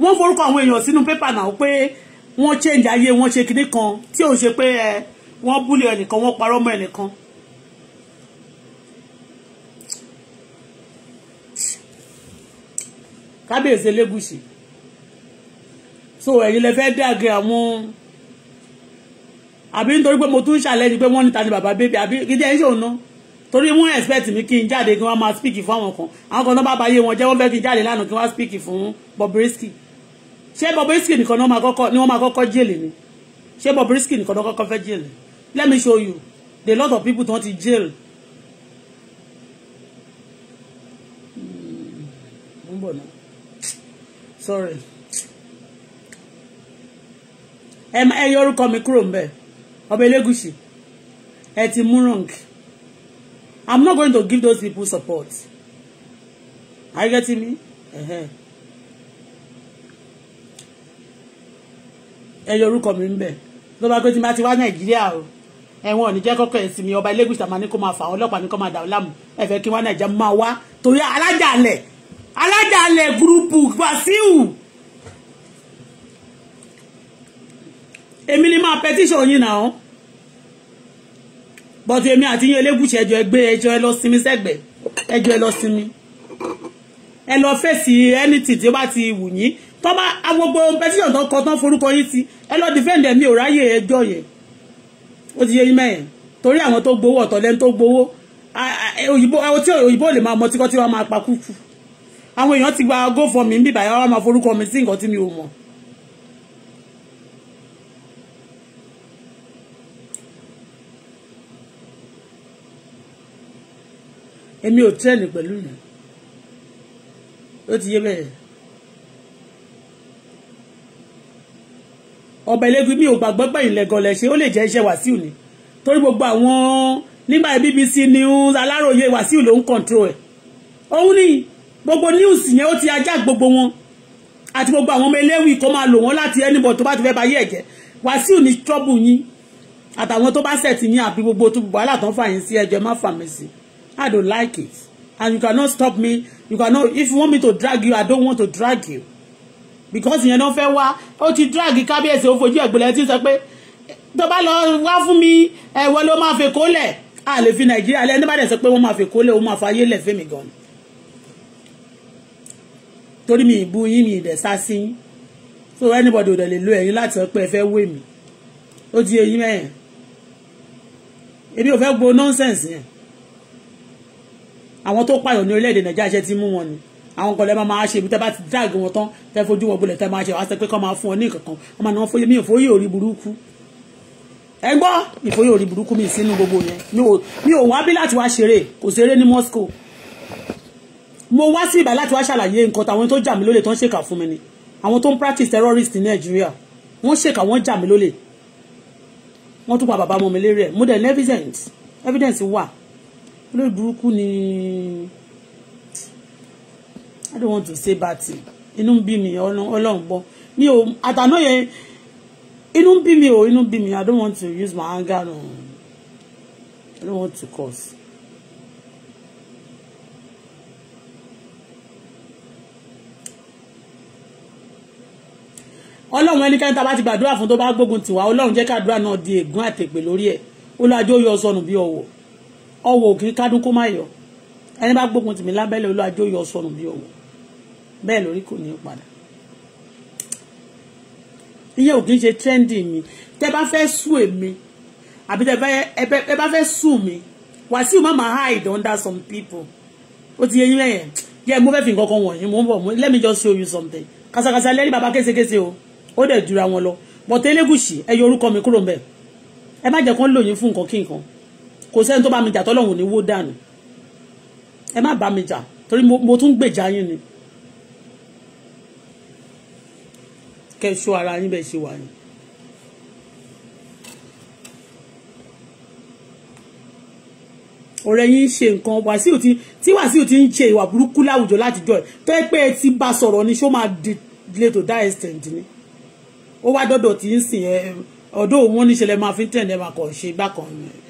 wọ́n forúkọ àwọn èèyàn sínú pépà náà pé wọ́n change ayé wọn ṣe kinní kan tí ò ń ṣe pé wọ́n búlẹ̀ ẹnìkan wọ́n parọ́ mọ́ ẹnìkan. kábíyèsí elégùsì so ẹ̀yin lè fẹ́ dàgé àwọn àbí nítorí pé mo tún ṣàlẹ́yìn pé wọ́n níta ní bàbá bébí àbí kí jẹ́ ṣòun náà torí wọ́n expect mi kí n jáde kí wọ́n máa speak fún àwọn kan àwọn kan náà bá bá yé wọn jẹ́ wọ́n fẹ́ kí n jáde lánàá kí wọ́n speak fún Bobrisky ṣé Bobrisky nìkan ni wọ́n máa kọ́kọ́ jèlè ni ṣé Bobrisky nìkan ni wọ́n kọ́kọ́ fẹ́ jèlè let me show you the lot of people tí wọ́n ti jail hmm, ń sorry ẹ má ẹ orúkọ mi kúrò mbẹ ọba elégùsì ẹ ti mú wrong i'm not going to give those people support are you getting me ẹ yọ orúkọ mi mbẹ lọba pé tí ma ti wá nàìjíríà o ẹ̀wọ̀n òní jẹ́ kọ́kọ́ ẹ̀sìn mi ọba elégùsì àmà ní kó máa fà àwọn ọlọ́pàá ní kó máa dà ọ́ láàmú ẹ̀fẹ́ kí wá nàìjíríà máa wá torí alájà lẹ̀ alájàlẹ̀ gúrúpù Wàsíù èmi ni máa petition yín náà bọ́tù èmi àti yín Elégùṣì ẹjọ́ ẹgbẹ́ ẹjọ́ ẹ lọ sinmi sẹ́gbẹ̀ẹ́ ẹjọ́ ẹ lọ sinmi ẹ lọ fèsì anything tí ó bá ti wù yín tó bá agbogbo petition tó kọ tán forúkọ yín sí ẹ lọ defend ẹ̀mí ò ráyè ẹjọ́ yẹn ó ti yé yín mẹ́yìn torí àwọn tó gbowó ọ̀tọ̀ lẹ́nu tó gbowó òyìnbó àwọn tí òyìnbó lè máa mọ tíkọ́ tí wọ́n máa pa kúkú àwọn èèyàn ti gba go for me bíbá yàrá máa forúkọ mi sí nǹkan tí mi ò mọ̀. èmi ò tẹ́ẹ̀nì pẹ̀lú yẹn ó ti yé bẹ́ẹ̀. ọba elégún mi ò gbàgbọ́ pẹ̀yìn lẹ́gàn lẹ́sẹ̀ ó lè jẹ́ iṣẹ́ wàsíù ni torí gbogbo àwọn nígbà BBC news aláròye wàsíù ló ń kọ̀ǹtró ẹ̀ òun nìyí gbogbo news yẹn ó ti ajá gbogbo wọn àti gbogbo àwọn ọmọ eléwì kó máa lò wọ́n láti ẹnìbọ̀ tó bá ti fẹ́ ba yé ẹ̀jẹ̀ Wàsíù ní trọ́bù yín àtàwọn tó bá sẹ̀tì yín àbí gbogbo tó wàhálà tán fà sí ẹjọ́ má fà sí I don't like it and you cannot stop me you cannot if you want me to drag you I don't want to drag you because ìyẹn náà fẹ́ wá ó ti drag kábíyèsí ó fojú ẹ̀gbẹ́lẹ́ tí ń sọ pé tó bá lọ wá fún mi ẹ̀wọ́ ló máa fẹ́ kólẹ̀ a fi Nàìjíríà lẹ́ni pé wọ́n máa fẹ́ kólẹ̀ ó máa fayé lẹ̀ fẹ́mi gan-an torí mi ìbú yín mi ìdẹ̀ sá so anybody ò dẹ̀ lè lo ẹ̀yin láti ọpẹ́ ẹ fẹ́ wé mi ó di eyín mẹ́yìn èmi ò fẹ́ gbo nonsense yẹn àwọn tó pààyàn ní orílẹ̀-èdè nàìjíríà ṣe ti mú wọn ni àwọn kan lẹ́ máa máa ṣe ibi tẹ́ bá ti dáàgì wọn tán tẹ́ fojú wọn gbolẹ̀ tẹ́ máa ṣe wá sọ pé kọ́ máa fún ọ ní ìkankan wọ́n máa náà fóyè mí ìfóyè orí burúkú ẹ gbọ́ ìfóyè orí burúkú mi sínú gbogbo yẹn mi ò wá bí láti wá ṣeré kò ṣeré ní Moscow mo wá sí ìbá láti wá ṣàlàyé nǹkan táwọn tó jà mí lólè tó ń ṣèkà fún mi ni àwọn tó ń practice terrorist ní Nàìjíríà wọ́n ṣèkà wọ́n jà mí lólè wọ́n tún pa bàbá ọmọ mi lérí ẹ̀ mo dẹ̀ ní evidence evidence wà olórí burúkú ni I don't want to say bad thing inú ń bí mi ọlọ́run gbọ́ mi ò àtàná yẹn inú ń bí mi ò inú ń bí mi I don't want to use my anger on I don't want to cause. ọlọ́run ẹnikẹ́ni tá a bá ti gbàdúrà fún tó bá gbógun tiwa ọlọ́run jẹ́ kàdúrà náà di ègún àtèpè lórí ẹ̀ olùwàjò yọ sọnù bí ọwọ́ ọwọ́ òkè kádún kó má yọ ẹni bá gbógun tìmí lábẹ́lẹ̀ olùwàjò yọ sọnù bí ọwọ́ bẹ́ẹ̀ lórí kò ní padà ìyẹn ò kì í ṣe trendy mi tẹ bá fẹ́ sùn èmi àbí tẹ bá fẹ́ sùn mi Wàsíù má máa hide under some people ó ti yẹ yín mẹ́yẹn yẹ mo fẹ́ fi nǹkan kan wọ̀nyí mo ń bọ̀ let me just show you something kàṣàkàṣà lẹ́rìí bàbá késekése o ó dẹ̀ jura wọn lọ bọ̀tẹ́ elégùsì ẹ yọ orúkọ mi kúrò mbẹ̀ ẹ má jẹ́ kán lò yín fún nǹkan kí nǹkan kò sẹ́ni tó bá mi jà tọ́lọ́hùn ní wó dànù ẹ má bá mi jà torí mo tún gbèjà yín ni kẹ́ṣọ́ ara yín bẹ́ẹ̀ ṣe wà ní. ọ̀rẹ́ yín ṣe nǹkan wàsíù tí tí wàsíù ti ń ṣe ìwà burúkú láwùjọ látijọ́ ẹ̀ ẹ pé ẹ ti bá sọ̀rọ̀ ni ṣó máa le to that extent ni ó wá dọ́dọ̀ tí ń sìn ẹ ọ̀dọ̀ òun níṣẹ̀lẹ̀ máa fi ń tẹ̀lé máa kàn ṣe bákan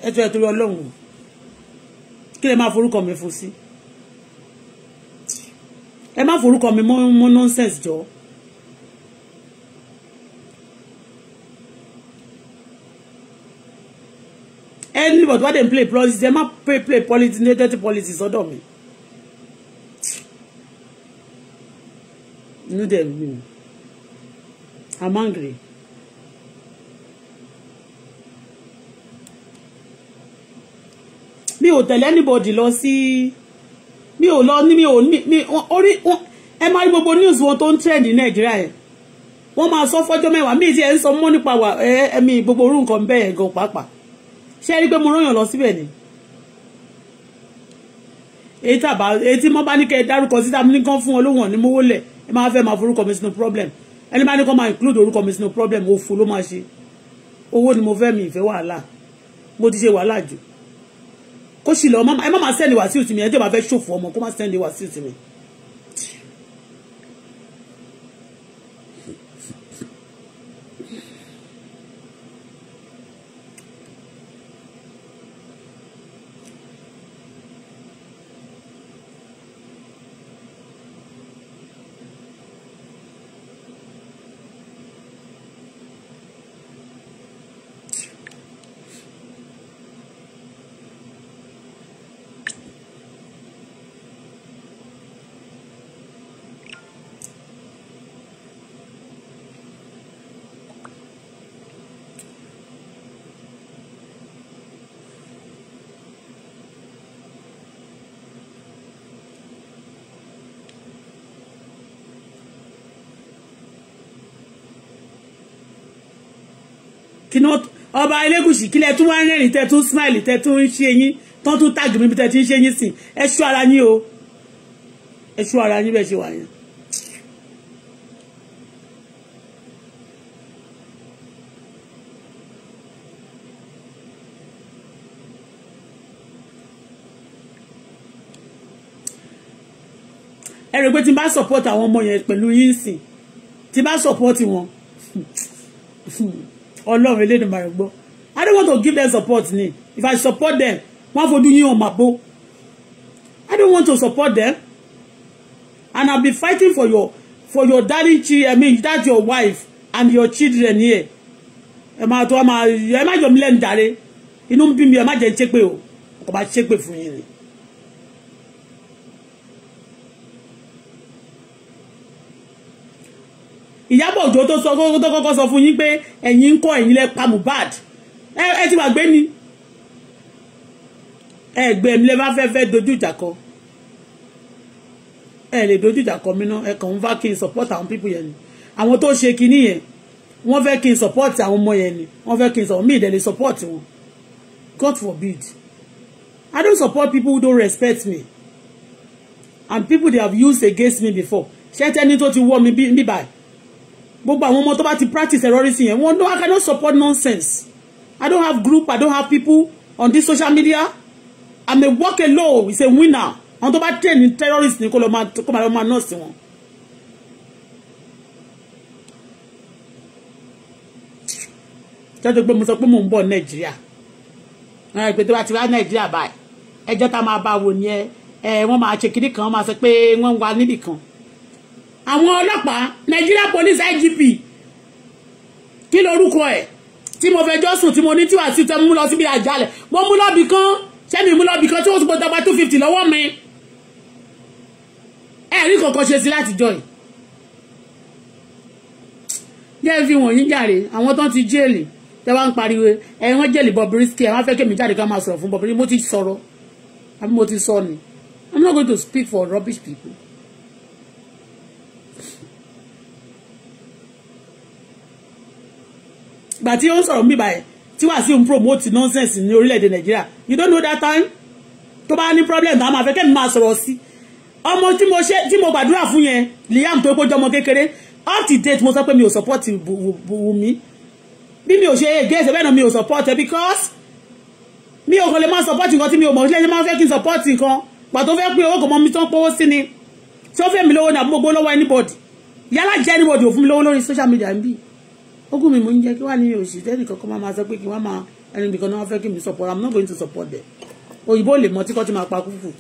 ẹ tó ẹ torí ọlọ́run kí lè máa forúkọ mi fún sí ẹ má forúkọ mi mú nonsense jọ. anybody wey dey play politics dem ma play play politics no dirty politics ọ̀dọ̀ mi. inú dẹ̀ mi. I'm angry. Me ò tell anybody lọ Me mi ò lọ ní mi ò mi orí ẹ máa rí gbogbo news wọn to ń trend ní nàìjíríà yẹn wọ́n máa sọ fọ́jọ́ mẹ́wàá mi ti ẹ̀ ń sọ mọ́ nípa wà ẹ̀mí gbogbo orú nǹkan bẹ́ẹ̀ gan pàápàá ṣé ẹ rí pé mo ròyàn lọ síbẹ̀ ni èyí tàbá èyí tí mo bá ní kẹ́ ẹ dárúkọ síta mi ní kán fún ọ lóhùn ọ̀ní mówó lẹ̀ ẹ máa fẹ́ máa mi sínú problem ẹni bá ní kó máa include orúkọ mi sínú problem òfo ló máa ṣe owó ni mo fẹ́ mi ìfẹ́ wàhálà mo ti ṣe wàhálà jù kó sì lọ ẹ má máa sẹ́ni wàásù tì mí ẹ jọba fẹ́ ṣòfò ọmọ kó má sẹ́ni wàásù tì mí. kíná ọba elégùsì kílẹ̀ tún wá ń rẹ́rìn tẹ́ tún smile tẹ́ tún ń ṣe yín tán tún tàgì mi bí tẹ́ ti ń ṣe yín sìn ẹ ṣú ara yín o ẹ ṣú ara yín bẹ́ẹ̀ ṣe wà yẹn. ẹ rò pé tí n bá support àwọn ọmọ yẹn pẹ̀lú yín sìn tí n bá support wọn. Hmm, hmm ọlọ́run elédùnmarè gbọ́ i don't want to give them support ni if i support them wọ́n fojú yín hàn màbo i don't want to support them and i be fighting for your for your darling chi i mean that your wife and your children here ẹ máa tó ẹ máa ẹ má jọ mílẹ̀ ń darí inú ń bí mi ẹ má jẹ́ ń ṣépè o ọkọ̀ bá ṣépè fún yín ni. Ìyábọ̀ Òjó tó sọ tó kọ́kọ́ sọ fún yín pé ẹ̀yin ń kọ́ ẹ̀yin lẹ pa Mohbad ẹ ti gbàgbé ni ẹgbẹ́ mi lẹ́ bá fẹ́ fẹ́ dojú ìjà kọ ẹ lè dojú ìjà kọ mí náà ẹ kàn ń fà kí n support àwọn people yẹn ni àwọn tó ṣe kinní yẹn wọ́n fẹ́ kí n support àwọn ọmọ yẹn ni wọ́n fẹ́ kí n support mí ìdẹ̀lẹ̀ support wọn God forbid I don't support people who don't respect me and people they have used against me before ṣé tẹ́ni tó ti wọ́ mi bí báyìí gbogbo àwọn ọmọ tó bá ti practice terrorism yẹn wọn no I cannot support nonsense I don't have group I don't have people on this social media I'm a work alone it's a winner àwọn tó bá train ní terrorist ní kó lọ máa kó máa lọ máa nọ́ọ̀sì wọn. jọ́jọ́ pé mo sọ pé mò ń bọ̀ nàìjíríà ẹ̀ pé tó bá ti wá nàìjíríà báyìí ẹjọ́ tá a máa bá wò ni ẹ wọ́n máa ṣe kiri kan wọ́n máa sọ pé wọ́n ń níbì kan àwọn ọlọ́pàá Nigeria police IGP kí lorúkọ ẹ̀ tí mo fẹjọ́ sùn tí mo ní tí wàá sí tẹ́ mú lọ síbi àjálẹ̀ mo mú lọ́bì kan sẹ́mi mú lọ́bì kan tí wọ́n ti gbọ́dọ̀ bá two fifty lọ́wọ́ mi ẹ̀rí kankan ṣe sí láti jọ yìí jẹ́ fi wọ̀nyí jàre àwọn tó ń ti jẹ́ẹ̀lì tẹ́ wá ń pariwo ẹ̀yin wọ́n jẹ́ẹ̀lì Bob Risky ẹ̀ wọ́n fẹ́ kémi jáde ká máa sọ̀rọ̀ fún Bob Risky mo ti sọ̀rọ̀ àbí mo ti sọ ni I'm not going to speak for rubbish people But tí also ń by mí báyìí promote nonsense ní orílẹ̀-èdè Nigeria. you don't know that time to bá any problem tá a máa mass kẹ́mi máa sọ̀rọ̀ sí ọmọ tí mo ṣe tí mo gbàdúrà liam toko kó jọmọ kékeré up to date mo sọ pé mi ò support Wùmí bí mi ò ṣe ègé ẹsẹ̀ bẹ́ẹ̀ náà mi ò support ẹ because me ò kàn lè máa support nǹkan tí mi ò mọ̀ ṣe lè máa fẹ́ kí n support nǹkan pàtó fẹ́ pín owó kan mọ́ mi tán So ó fẹ́ mi lówó náà gbogbo lọ́wọ́ anybody yálà jẹ́ anybody ò fún mi lówó lórí social media ń bì ogún mi mò ń jẹ́ kí wà ní òsì tẹ́nì kankan máa sọ pé kí wọ́n máa ẹni nìkan náà fẹ́ kí mi support I'm not going to support them òyìnbó lè mọ tí kò tí ma pa kúkú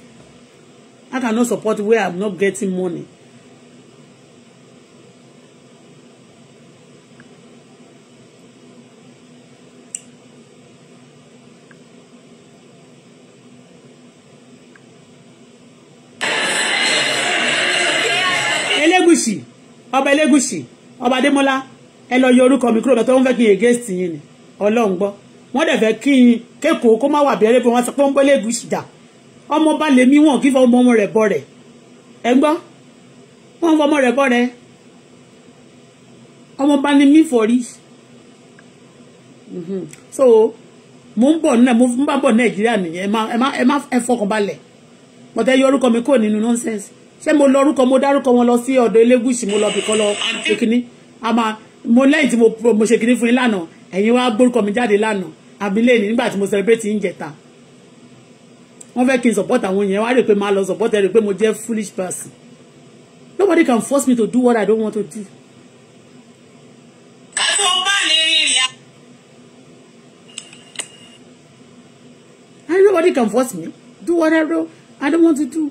I cannot support where I'm not getting money ọba elégùsì ọba adémọlá ẹ lọ yọ orúkọ mi kúrò bẹ́ẹ̀ tó ń fẹ́ kí n against yín ni ọlọ́run gbọ́ wọ́n dẹ̀ fẹ́ kí n kékòó kó má wà bẹ́ẹ̀rẹ́ fún wọn sọ pé ó ń gbélé egúsì jà ọmọ bá lè mí wọn kí fọ ọmọ rẹ̀ bọ rẹ̀ ẹ gbọ́ wọ́n fọ ọmọ rẹ̀ bọ rẹ̀ ọmọ bá ní mí fọ̀rí mhm. so mo ń bọ̀ náà mo ń bá bọ̀ nàìjíríà nìyẹn ẹ má ẹ má ẹ fọkàn balẹ̀ pọ̀tẹ́ yọ orúkọ mi kúrò nínú nonsense ṣé mo lọ orúkọ mo dárúkọ wọn lọ sí ọ̀dọ̀ elégùsì mo lọ bìkan lọ ṣe kínní a mo lẹ́yìn tí mo ṣe kínní fún yín lánàá ẹ̀yin wá gbórúkọ mi jáde lánàá àbí lẹ́yìn nígbà tí mo celebrate yín jẹta wọ́n fẹ́ kí support àwọn yẹn wá rè pé máa lọ support ẹ rè pé mo jẹ́ foolish person nobody can force me to do what I don't want to do. nobody can force me. Do what do. I don't want to do.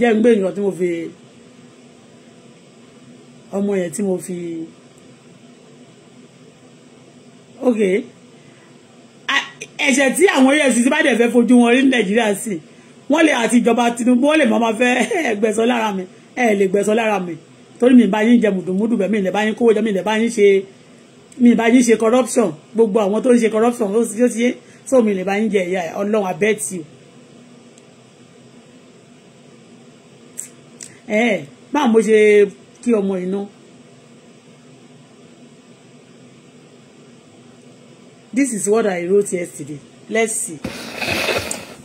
jẹ́ ń gbé èèyàn tí mo fi ọmọ yẹn tí mo fi ok ẹ̀ṣẹ̀ tí àwọn efcc bá dẹ̀ fẹ́ fojú wọn rí ní nàìjíríà sí wọ́n lè àti ìjọba tinubu wọ́n lè máa fẹ́ gbẹ̀sán lára mi ẹ̀ lè gbẹ̀sán lára mi torí mi bá yín jẹ mùdùmùdù bẹ́ẹ̀ mi lè bá yín kówó jẹ mi lè bá yín ṣe mi lè bá yín ṣe corruption gbogbo àwọn tó ń ṣe corruption ló ti ṣe so mi lè bá yín jẹ ìyá ọlọ́run abẹ́tì o ẹ báwo mo ṣe kí ọmọ iná. This is what I wrote yesterday. Let's see.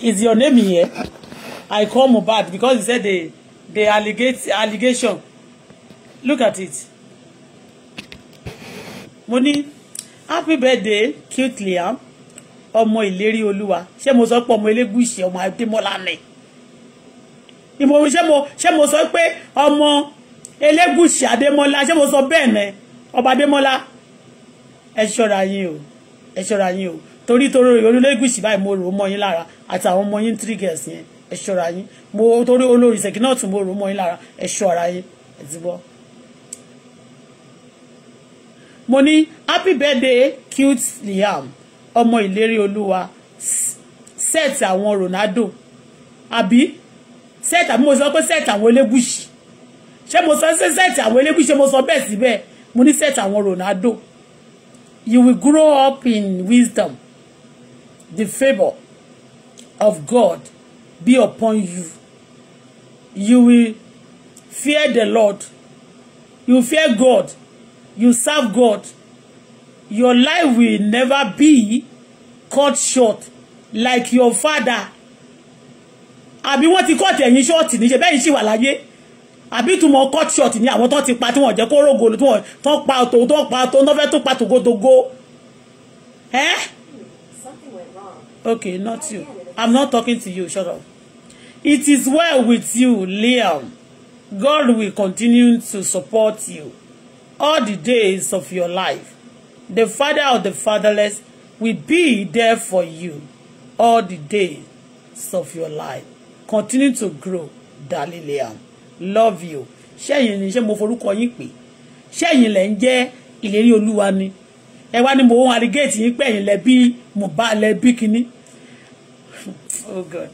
Is your name here? I call Mohbad because he said the the allegate allegation. Look at it. Mo ní happy birthday cute Liam ọmọ ìlérí olúwa ṣé mo sọ pé ọmọ elégùsì ọmọ adémọlá ni ìbò ṣé mo ṣé mo sọ pé ọmọ Elégùṣì Adémọ́lá ṣé mo sọ bẹ́ẹ̀ mẹ́ ọba Adémọ́lá ẹ ṣọ́ra yín o ẹ ṣọ́ra yín o torí torí Elégùṣì báyìí mo rò ó mọ́ yín lára àtàwọn ọmọ yín three girls yẹn ẹ ṣọ́ra yín mo torí olórí ṣèkí náà tún mo rò ó mọ́ yín lára ẹ ṣọ́ra yín ẹ ti gbọ́. mo ní happy birthday cute Liam ọmọ ìlérí olúwa set àwọn Ronaldo àbí sẹ́ẹ̀tì mo sọ pé sẹ́ẹ̀tì àwọn Elégùṣì ṣé mo sọ ṣé sẹ́ẹ̀tì àwọn Elégùṣì ṣé mo sọ bẹ́ẹ̀ síbẹ̀ mo ní sẹ́ẹ̀tì àwọn Ronaldo you will grow up in wisdom the favour of God be upon you you will fear the Lord you fear God you serve God your life will never be cut short like your father àbí wọ́n ti kọ́ọ̀tì ẹ̀yìn ṣọ́ọ̀tì níṣẹ́ bẹ́ẹ̀ ṣì wà láyé àbí ìtumọ̀ kọ́ọ̀tì ṣọ́ọ̀tì ni àwọn tó ti pa tí wọ́n jẹ́ kó rògò tí wọ́n tó pa tó tó pa tó tó fẹ́ tó pa tògótògó ẹ́. okay not you i'm not talking to you shut up it is well with you Liam God will continue to support you all the days of your life the father of the fatherless will be there for you all the days of your life continue to grow Daliliam love you ṣẹ́yìn ni ṣé mo forúkọ yín pé ṣẹ́yìn lẹ̀ ń jẹ́ ìlérí olúwa ni ẹ wá ní mo wọn àrígẹ́ẹ̀tì yín pé ẹ̀yìn lẹ́bí mo bá lẹ́bí kínní oh god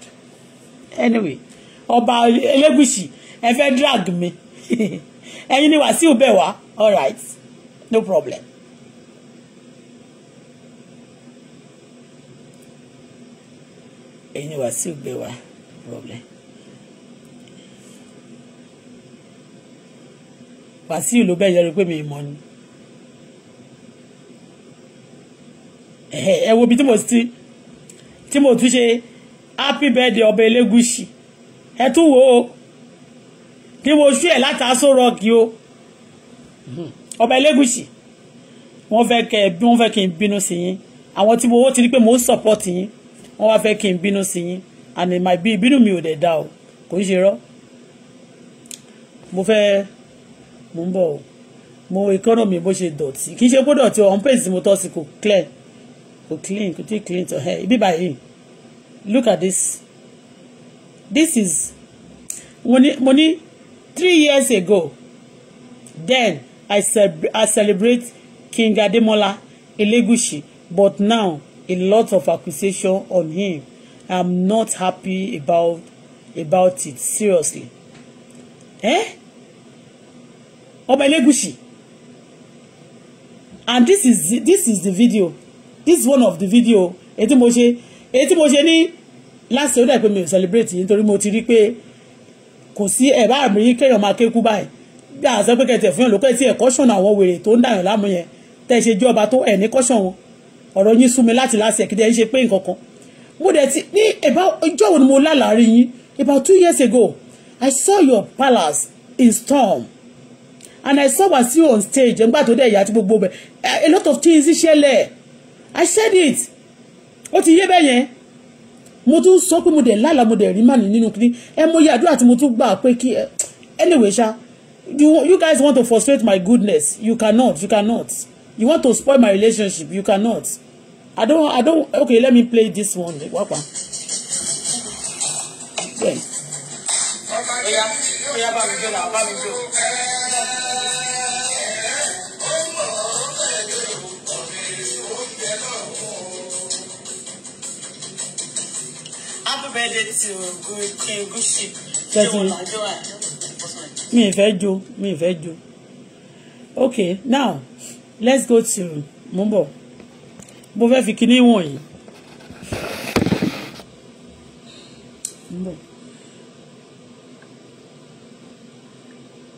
anyway ọba elégùsì ẹ fẹ́ drag mi ẹ̀yin ni wàsíù bẹ̀ wá all right no problem. ẹ̀yin ni wàsíù bẹ̀ wá problem. Wàsíù ló bẹ́ẹ̀ yẹrù pé mi mọ̀ ni. Ẹ wo bí tí mo ti tí ṣe happy birthday ọba Elégùṣì ẹ tún wò ó bí mo ṣú ẹ̀ látàásó rọ́ọ̀kì o ọba Elégùṣì wọ́n fẹ́ kẹ́ ẹ bí wọ́n fẹ́ kí n bínú sí yín àwọn tí mo wó ti rí pé mo ń support yín wọ́n wá fẹ́ kí n bínú sí yín àmì máa bí ìbínú mi ò dẹ̀ da o kò ń ṣe rọ́ mo fẹ́ mo ń bọ̀ o mo economy bó ṣe dọ̀tí kì í ṣe kó dọ̀tí ọ̀hún pèsè mo tọ́ sí kò clear kò clean kò tí clean to hair ibi báyìí look at this this is mo ní mo ní three years ago then I, celeb I celebrate King Ademola Elegushi but now a lot of accusation on him I'm not happy about about it seriously. Eh? Ọba Elegushi. And this is this is the video. This is one of the video. Ètí mo ni last year ó dà pé mi ò celebrate nítorí mo ti rí pé kò sí ẹ̀ bá mi kéèyàn máa kékú báyìí bí àwọn sọ pé kẹtẹ fún yàn ló pẹ́ tí ẹ̀ kọ́ṣọ̀nù àwọn wèrè tó ń dàyàn láàmú yẹn tẹ́ ẹ ṣe jọba tó ẹ̀ ní kọ́ṣọ̀n wọn ọ̀rọ̀ yín sú mi láti láti ẹ̀kídẹ́ ń ṣe pé nǹkan kan mo dẹ̀ ti ní about wo ni mo lálàá yín about two years ago I saw your palace in storm and I saw Wasiu on stage ẹ̀ ń gbà tó dẹ̀ yà tí gbogbo bẹ̀ a lot of things ṣẹlẹ̀ I said it ó ti yé bẹ́ẹ̀ yẹn mo tún sọ pé mo dẹ̀ lálàá mo dẹ̀ rí màní nínú kiri ẹ mo yẹ àdúrà tí mo tún gbà pé kí ẹ anyway ṣá you, you guys want to frustrate my goodness you cannot you cannot you want to spoil my relationship you cannot I don't, I don't, okay, let me play this one. Wapa. Wait. Happy birthday to Gucci. Me fẹ́ jó, mi fẹ́ jó. Okay, now let's go to Mumbo mo fẹ́ fi kinní wọ̀nyí.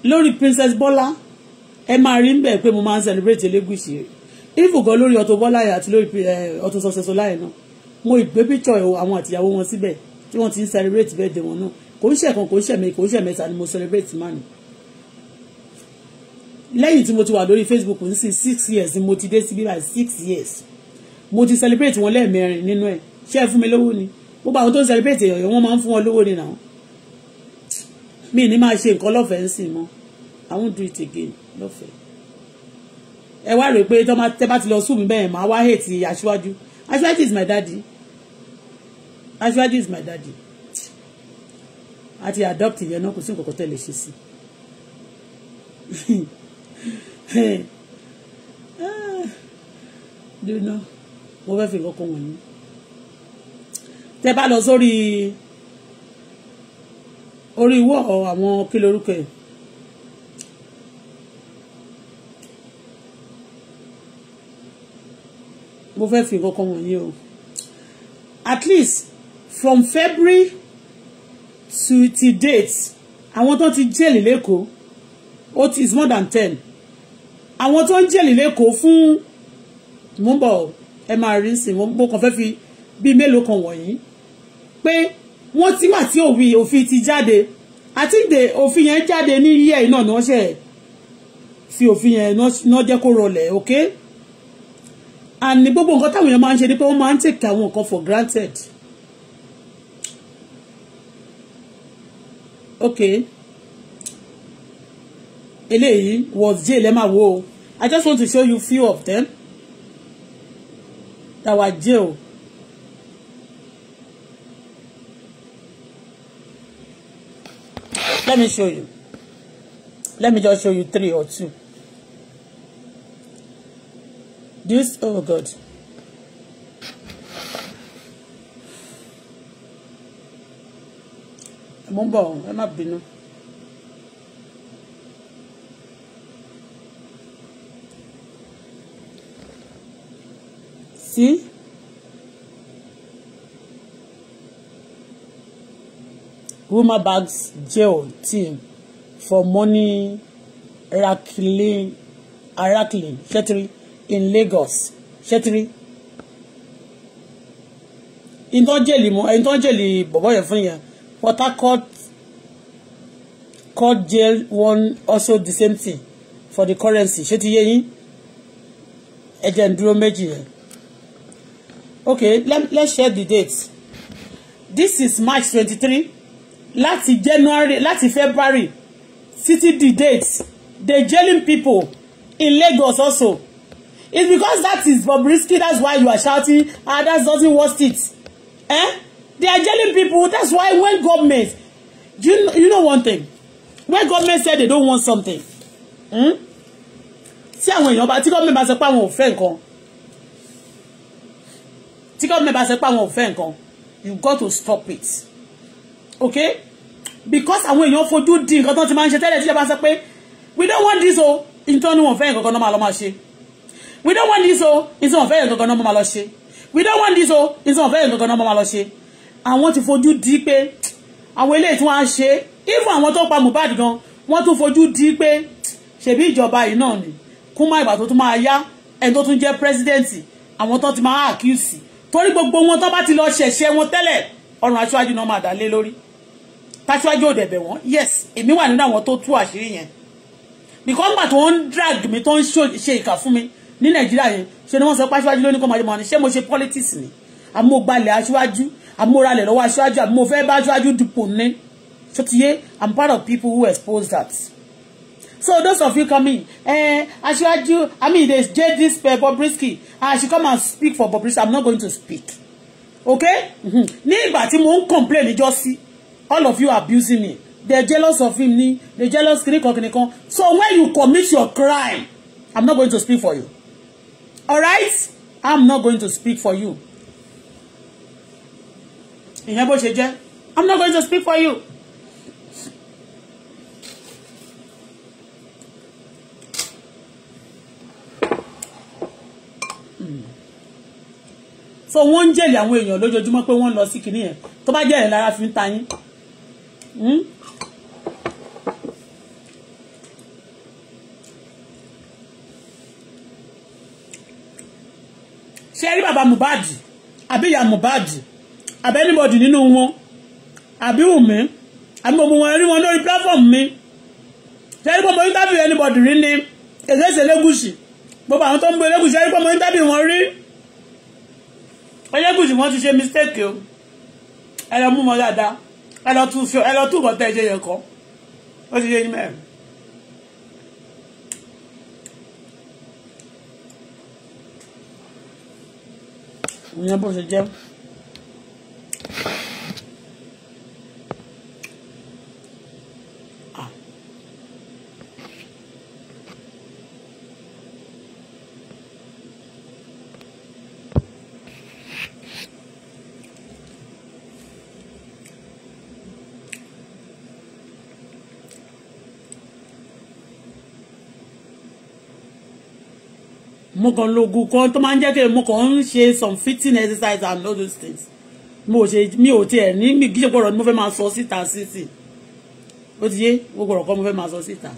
lórí Princess Bọ́lá ẹ máa rí ń bẹ̀ pé mo máa ń celebrate elégùsì ìfògàn lórí Auto Bọ́lá yẹn àti lórí eh, Auto Success Oláyẹ náà mo ìgbé píkṣọ àwọn àtìyàwó wọn síbẹ̀ tí wọ́n ti ń celebrate birthday wọn náà kò ń ṣẹ̀kan kò ń ṣẹ̀mẹ́ kò ń ṣẹ̀mẹ́ta ni mo celebrate máa nì lẹ́yìn tí mo ti wà lórí Facebook ní sí six years ni mo ti dé síbí by six years mo ti celebrate wọn lẹ́ẹ̀mẹrin nínú ẹ̀ ṣé ẹ fún mi lówó ni gbogbo àwọn tó ń celebrate èèyàn wọn máa ń fún wọn lówó ni nà mí ní máa ṣe nǹkan lọ́fẹ̀ẹ́ ń sìn mọ́ I won't do it again lọ́fẹ̀ẹ́ ẹ wá rò pé tẹ́ bá ti lọ sùn mí bẹ́ẹ̀ máa wá hate aṣíwájú aṣíwájú is my daddy aṣíwájú is my daddy àti adopt yẹn náà kò sí nǹkan kan lè ṣe sí i ah. do you know wọ́n fẹ́ fi nǹkan kan wọ̀nyí tẹ́ bá lọ sórí orí ìwọ àwọn kí lorúkọ ẹ̀ mo fẹ́ fi nǹkan kan wọ̀nyí o at least from February to till date àwọn tó ti jẹ́lì lẹ́kọ̀ọ́ ó ti is more than ten àwọn tó ń jẹ́lì lẹ́kọ̀ọ́ fún mú bọ̀ ọ́ ẹ máa rí sí wọn mo kàn fẹ́ fi bíi mélòó kan wọ̀nyí pé wọ́n ti wà tí òfin òfin ti jáde àti ìdè òfin yẹn jáde ní ilé ẹ̀ náà ni wọ́n ṣe fi òfin yẹn náà jẹ́ kó rọlẹ̀ ok and ní gbogbo nǹkan táwọn èèyàn máa ń ṣe ni pé wọ́n máa ń take àwọn nǹkan for granted ok eléyìí was jail ẹ máa wo I just want to show you few of them that were jailed. Let me show you. Let me just show you three or two. This, oh God. Mo I'm not ẹ see Wilma Bags jail team for money rackling rackling shetri in Lagos shetri in jail, ìtọ́jẹ̀lì mọ́ ìtọ́jẹ̀lì bọ̀bọ̀ yẹn fún What I caught? Caught jail one also the same thing for the currency Shetri ti yé yín okay let, let's share the date this is march twenty-three láti january láti february títí the date they jailing people in lagos also it's because that is Bobrisky that's why you are shouting ah that doesn't worth it eh they are jailing people that's why when government you know, you know one thing when government say they don't want something hmm? tí àwọn èèyàn bá tí government bá sọ pé àwọn ò fẹ́ nǹkan tí government bá ṣe pé àwọn ò fẹ́ you got to stop it okay because àwọn èèyàn fojú di nǹkan tó ti máa ń ṣe tẹ́lẹ̀ tí ìjọba sọ pé we don't want this o ìtọ́ ni wọ́n fẹ́ nǹkan kan náà máa lọ máa we don't want this o ìtọ́ wọ́n fẹ́ nǹkan kan náà máa lọ we don't want this o ìtọ́ wọ́n fẹ́ nǹkan kan náà máa lọ ṣe àwọn ti fojú di pé àwọn eléyìí tí wọ́n á ṣe even àwọn tó pa Mohbad gan wọ́n tún fojú di pé ṣèbí ìjọba yìí náà ni kún má ìgbà tó tún máa yá ẹni tó tún jẹ́ pírẹsidẹ́ǹtì àwọn tó ti máa accuse torí gbogbo wọn tó bá ti lọ ṣẹ̀ṣẹ̀ wọn tẹ́lẹ̀ ọ̀run aṣáájú náà máa dá lórí táṣáájú ò dẹ̀bẹ̀ wọ́n yes èmi wà nínú àwọn tó tú àṣírí yẹn because nígbà tó ń drag mi tó ń ṣe ìkà fún mi ní nàìjíríà yẹn ṣe ni wọ́n sọ pé aṣáájú ló ní kọ́ máa jẹ́ mọ́ ni ṣé mo ṣe politics ni àmọ́ mo gbalẹ̀ aṣáájú àmọ́ mo ralẹ̀ lọ́wọ́ aṣáájú àmọ́ mo fẹ́ bá aṣáájú dupò ní ṣó ti yé I'm part of people who expose that. So those of you coming, eh, I should do, I mean, there's J.D. Uh, Bobrisky. I should come and speak for Bobrisky. I'm not going to speak. Okay? Mm-hmm. Ní ìgbà tí mo ń complain just see, all of you abusing me. They're jealous of him ni, they're jealous So when you commit your crime, I'm not going to speak for you. All right? I'm not going to speak for you. Ìyẹn bó I'm not going to speak for you. so wọ́n ń jèlè àwọn èèyàn lójoojúmọ́ pé wọ́n ń lọ sí kinní yẹn tó bá jẹ́ ìlara fi ń ta yín. Hmm? ṣe rí bàbá Mohbad àbí ìyá Mohbad àbí anybody nínú wọn àbí Wùmí àbí gbogbo wọn rí wọn lórí platform mi ṣe rí gbogbo interview anybody rí ni èsèsè lẹ́gùsì gbogbo àwọn tó ń gbé lẹ́gùsì ṣe rí gbogbo interview wọn rí. Ẹlẹ́gùṣì wọ́n ti ṣe mistake o ẹ lọ mú wọn dáadáa ẹ lọ tún fi ẹ lọ tún bọ́tẹ́ ẹ̀jẹ̀ yẹn kọ́ ó ti ṣe ní mẹ́rin. ìyẹn bó ṣe jẹ́. mo kàn lo oògùn kan tó máa ń jẹ́ kí mo kàn ń ṣe some fitting exercise and all those things mo ṣe mi ò tiẹ̀ ní mi kí ṣe gbọ́dọ̀ ni mo fẹ́ máa sọ síta sísì ó ti yé gbogbo ọ̀rọ̀ kan mo fẹ́ máa sọ síta.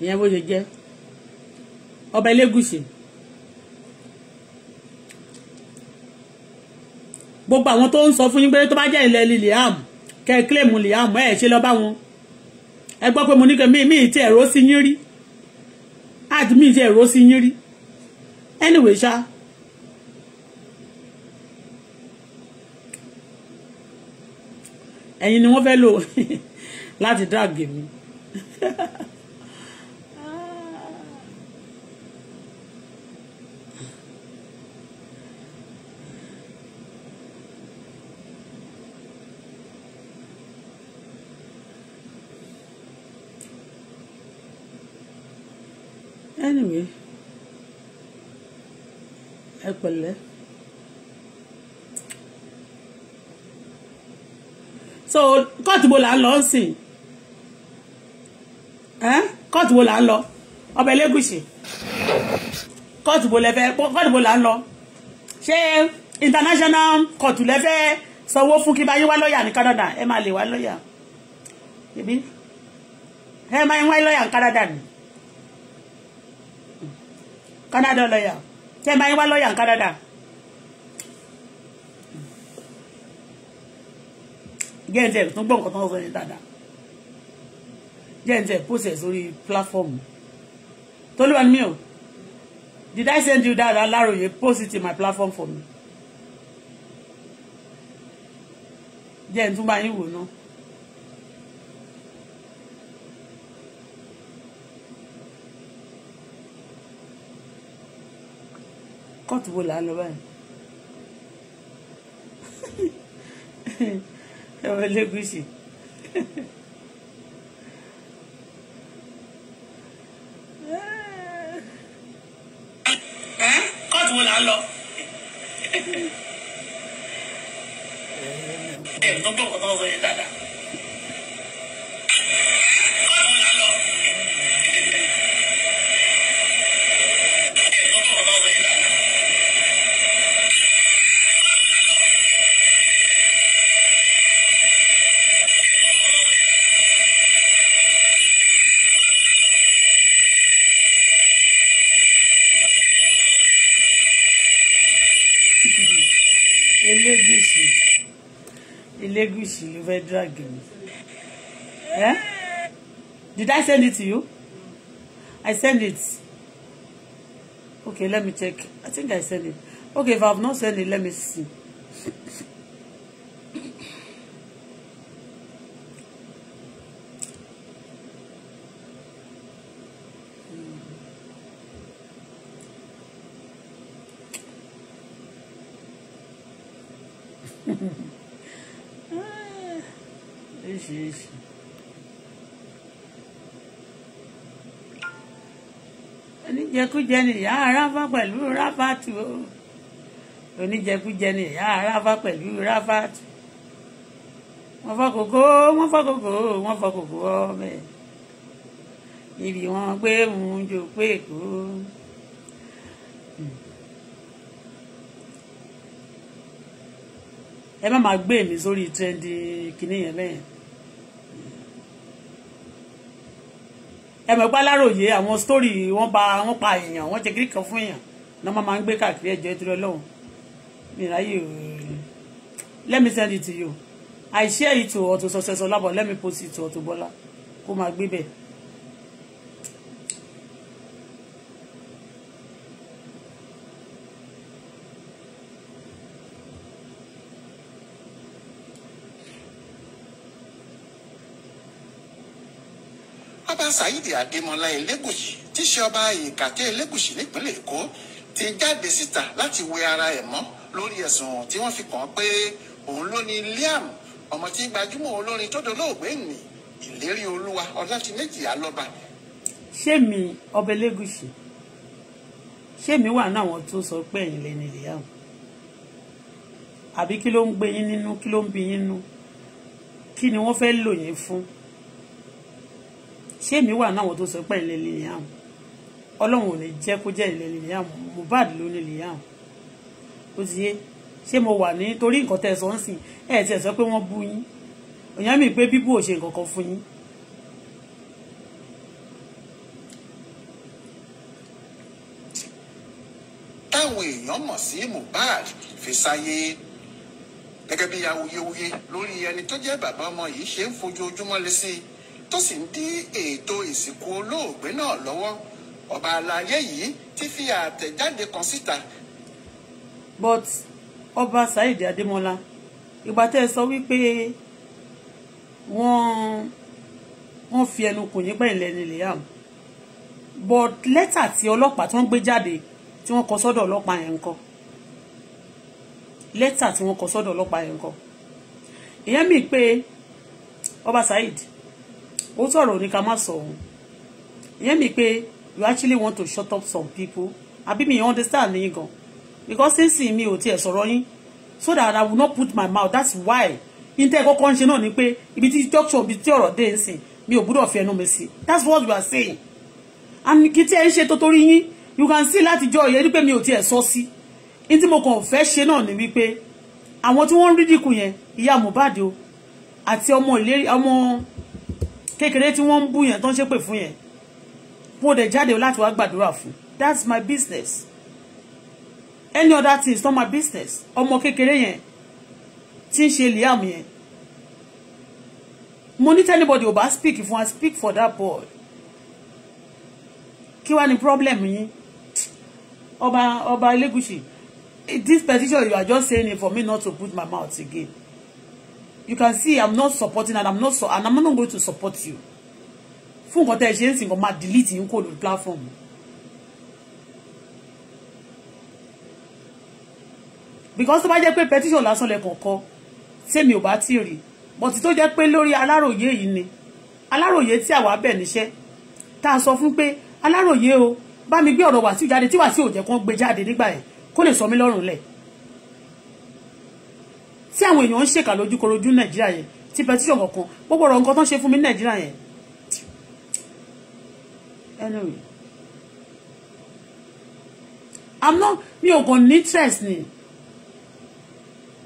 ìyẹn bó ṣe jẹ́ ọba elégùsì gbogbo àwọn tó ń sọ fún yín pé tó bá jẹ́ ilẹ̀ Liam kẹ́ ẹ kílèmù Liam ẹ̀ ṣe lọ bá wọn ẹ gbọ́ pé mo ní kẹ́ mi mi ti ẹ̀rọ sí yín rí àti mi ti ẹ̀rọ sí yín rí anyway ṣá. ẹ̀yin ni wọ́n fẹ́ lò láti dáàgì mi. pẹ̀lẹ́. so kóòtù wo là ń lọ sìn kóòtù wo là ń lọ ọbẹ̀ lẹ́gùsì kóòtù wo lẹ́fẹ́ kóòtù wo là ń lọ ṣé international kóòtù lẹ́fẹ́ sanwó fún kí bá yín wá lọ́ọ̀yà ní Canada ẹ máa lè wá lọ́ọ̀yà ẹbí ẹ máa ń wá lọ́ọ̀yà ní Canada ni Canada lọ́ọ̀yà tẹ́ bá yín wá lọ́ọ̀yà ní Canada. jẹ́ǹtẹ̀ tó gbọ́ nǹkan tó ń sọ ní dáadáa jẹ́ǹtẹ̀ pósẹ̀ sórí platform tó ló wà o did I send you that aláròye post it in my platform for me jẹ́ǹtúmbà yín wò náà. kóòtù wo là ń lọ báyìí ẹwọ lẹgùsì kóòtù wo là ń lọ ẹ ẹ tó gbọ́ ọ̀kan tó ń sọ yẹn dáadáa. elégùsì elégùsì ló fẹ́ dragon. mi eh? did I send it to you I send it okay let me check I think I send it okay if I have not send it let me see. oríṣiríṣi. oníjẹkújẹ ni ìyá aráfá pẹ̀lú ráfàtù o oníjẹkújẹ ni ìyá aráfá pẹ̀lú ráfàtù wọ́n fọ́ kòkó wọ́n fọ́ kòkó wọ́n fọ́ kòkó ọmọ ẹ̀ ibi wọn gbé òun jò èkó. Hmm. ẹ má máa gbé mi sórí trendy kìnìyàn bẹ́ẹ̀. ẹ mọ̀ pé àwọn sítórì wọ́n pa wọ́n pa èèyàn wọ́n jẹ́ kíríkan fún èèyàn náà máa máa ń gbé káàkiri ẹjọ́ ìtura ọlọ́run mi ráyè let me send it to you I share it to Auto Success Ọlábọ̀ let me post it to Auto Bọ́lá kó máa gbé bẹ́ẹ̀
Sultan Saheed Adémọlá Elégùṣì tí í ṣe ọba Ìkàtẹ́ Elégùṣì nípínlẹ̀ Èkó ti jáde síta láti wẹ ara ẹ̀ mọ́ lórí ẹ̀sùn tí wọ́n fi kàn án pé òun ló ni Liam ọmọ tí gbajúmọ̀ olórin tó dolóògbé nì ìlérí olúwa Ọládiméjì Alọ́ba.
ṣé mi ọba Elégùṣì ṣé mi wà náà wọn tó sọ pé ẹ̀yin lẹni Liam àbí kí ló ń gbé yín nínú kí ló ń bí yín nínú kí ni wọ́n fẹ́ lò yín fún ṣé èmi wà náà wọn tó sọ pé ilé Liam ọlọ́run ò ní jẹ́ kó jẹ́ ilé Liam Mohbad ló ní Liam ó ti yé ṣé mo wà ní torí nǹkan tẹ̀ sọ ń sìn ẹ̀ tiẹ̀ sọ pé wọ́n bú yín òyìn mi pé bíbú ò ṣe nǹkan kan fún yín.
táwọn èèyàn mọ̀ sí Mohbad fi sáyé gẹ́gẹ́ bí awuyewuye lórí ẹni tó jẹ́ bàbá ọmọ yìí ṣe ń fojoojúmọ́ lé sí i tó sì ń dí ètò ìsìnkú olóògbé náà lọ́wọ́ ọba àlàyé yìí ti fi àtẹ̀jáde kan síta.
but ọba Saheed Adémọlá ìgbà tẹ́ ẹ sọ wípé wọ́n wọ́n fi ẹnu kò nígbà ìlẹ́ni liam but lẹ́tà tí ọlọ́pàá tó ń gbé jáde tí wọ́n kọ sọ́dọ̀ ọlọ́pàá yẹn ń kọ́ lẹ́tà tí wọ́n kọ sọ́dọ̀ ọlọ́pàá yẹn ń kọ́ ìyẹn mi pé ọba Saheed ó sọ̀rọ̀ ní ká má sọ òun ìyẹn mi pé you actually want to shut up some people àbí mi understand yín gan because since mi ò tiẹ̀ sọ̀rọ̀ yín so that I will not put my mouth that's why intẹ́ kọ́kọ́ ń ṣe náà ni pé ibi tí doctor ibi tí ọ̀rọ̀ dé ń sìn mi ò gbúdọ̀ fi ẹnu mi sí that's what you are saying and kí tí ẹ ń ṣe tó torí yín you can see láti jọ ìyẹn wípé mi ò tiẹ̀ sọ sí ní tí mo kàn fẹ́ ṣe náà ni wípé àwọn tí wọ́n ń rídìkù yẹn ìyá Mohbad o àti ọmọ ìlérí ọmọ kékeré tí wọ́n ń bú yẹn tó ń ṣépè fún yẹn mo dẹ̀ jáde láti wá gbàdúrà fún that's my business any other thing is not my business ọmọ kékeré yẹn tí ń ṣe liam yẹn mo ní tẹ́nibọ̀dì ò bá speak fún wa speak for that boy kí wá ní problem yín ọba ọba elégùsì this petition you are just saying it for me not to put my mouth again you can see i'm not supporting and i'm not so and i'm not going to support you Fun nǹkan tẹ́ ẹ ṣe ń sìn kó máa delete yín kó platform. because tó bá jẹ́ pé petition lásán lẹ́kọ̀ọ́ kọ́ sẹ́mi ò bá tí rí but tó jẹ́ pé lórí aláròye yìí ni aláròye tí àwa bẹ̀ níṣẹ́ tá so fun pe pé aláròye o bá mi gbé ọ̀rọ̀ wàsíù jáde wa si ò jẹ́ kó gbé jáde nígbà yẹn kó lè sọ mí lọ́rùn lẹ̀ tí àwọn èèyàn ń ṣèkà lójúkorojú nàìjíríà yẹn ti petition kankan gbogbo ọ̀rọ̀ nǹkan tó ń ṣe fún mi nàìjíríà yẹn anyway i'm not mi ò kàn ní interest ni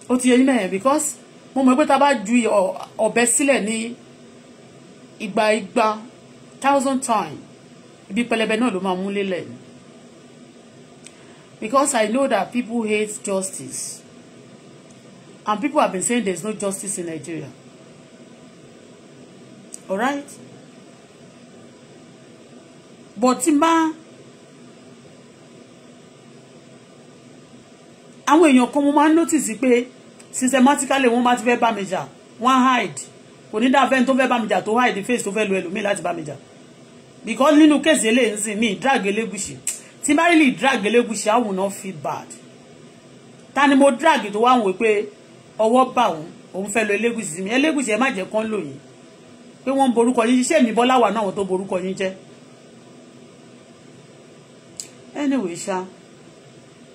ó ti yẹ ní mẹ́rin because mo mọ̀ pé tá a bá ju ọ̀bẹ sílẹ̀ ní ìgbà ìgbà thousand times ibi pẹlẹbẹ náà ló máa mú lélẹ̀ because i know that people hate justice And people have been saying there's no justice in Nigeria. All right? But Timba, and when kan mo man ń it, pé systematically wọ́n bá ti fẹ́ bá mi hide kò ní dáa fẹ́ni tó fẹ́ bá mi jà face tó fẹ́ lu ẹlòmíì láti Bamija, because nínú kéèsì eléyìí ń sìn mí drag Elegushi tí bá rí lè drag Elegushi I will not feel bad ta ni mo drag tó wá wò ọwọ́ bà wọ́n òun fẹ́ lọ Elégùṣì mi Elégùṣì ẹ má jẹ́ kán lò yín pé wọ́n ń borúkọ yín iṣẹ́ mi bọ́lá náà wọ́n tó borúkọ yín jẹ́ anyway ṣá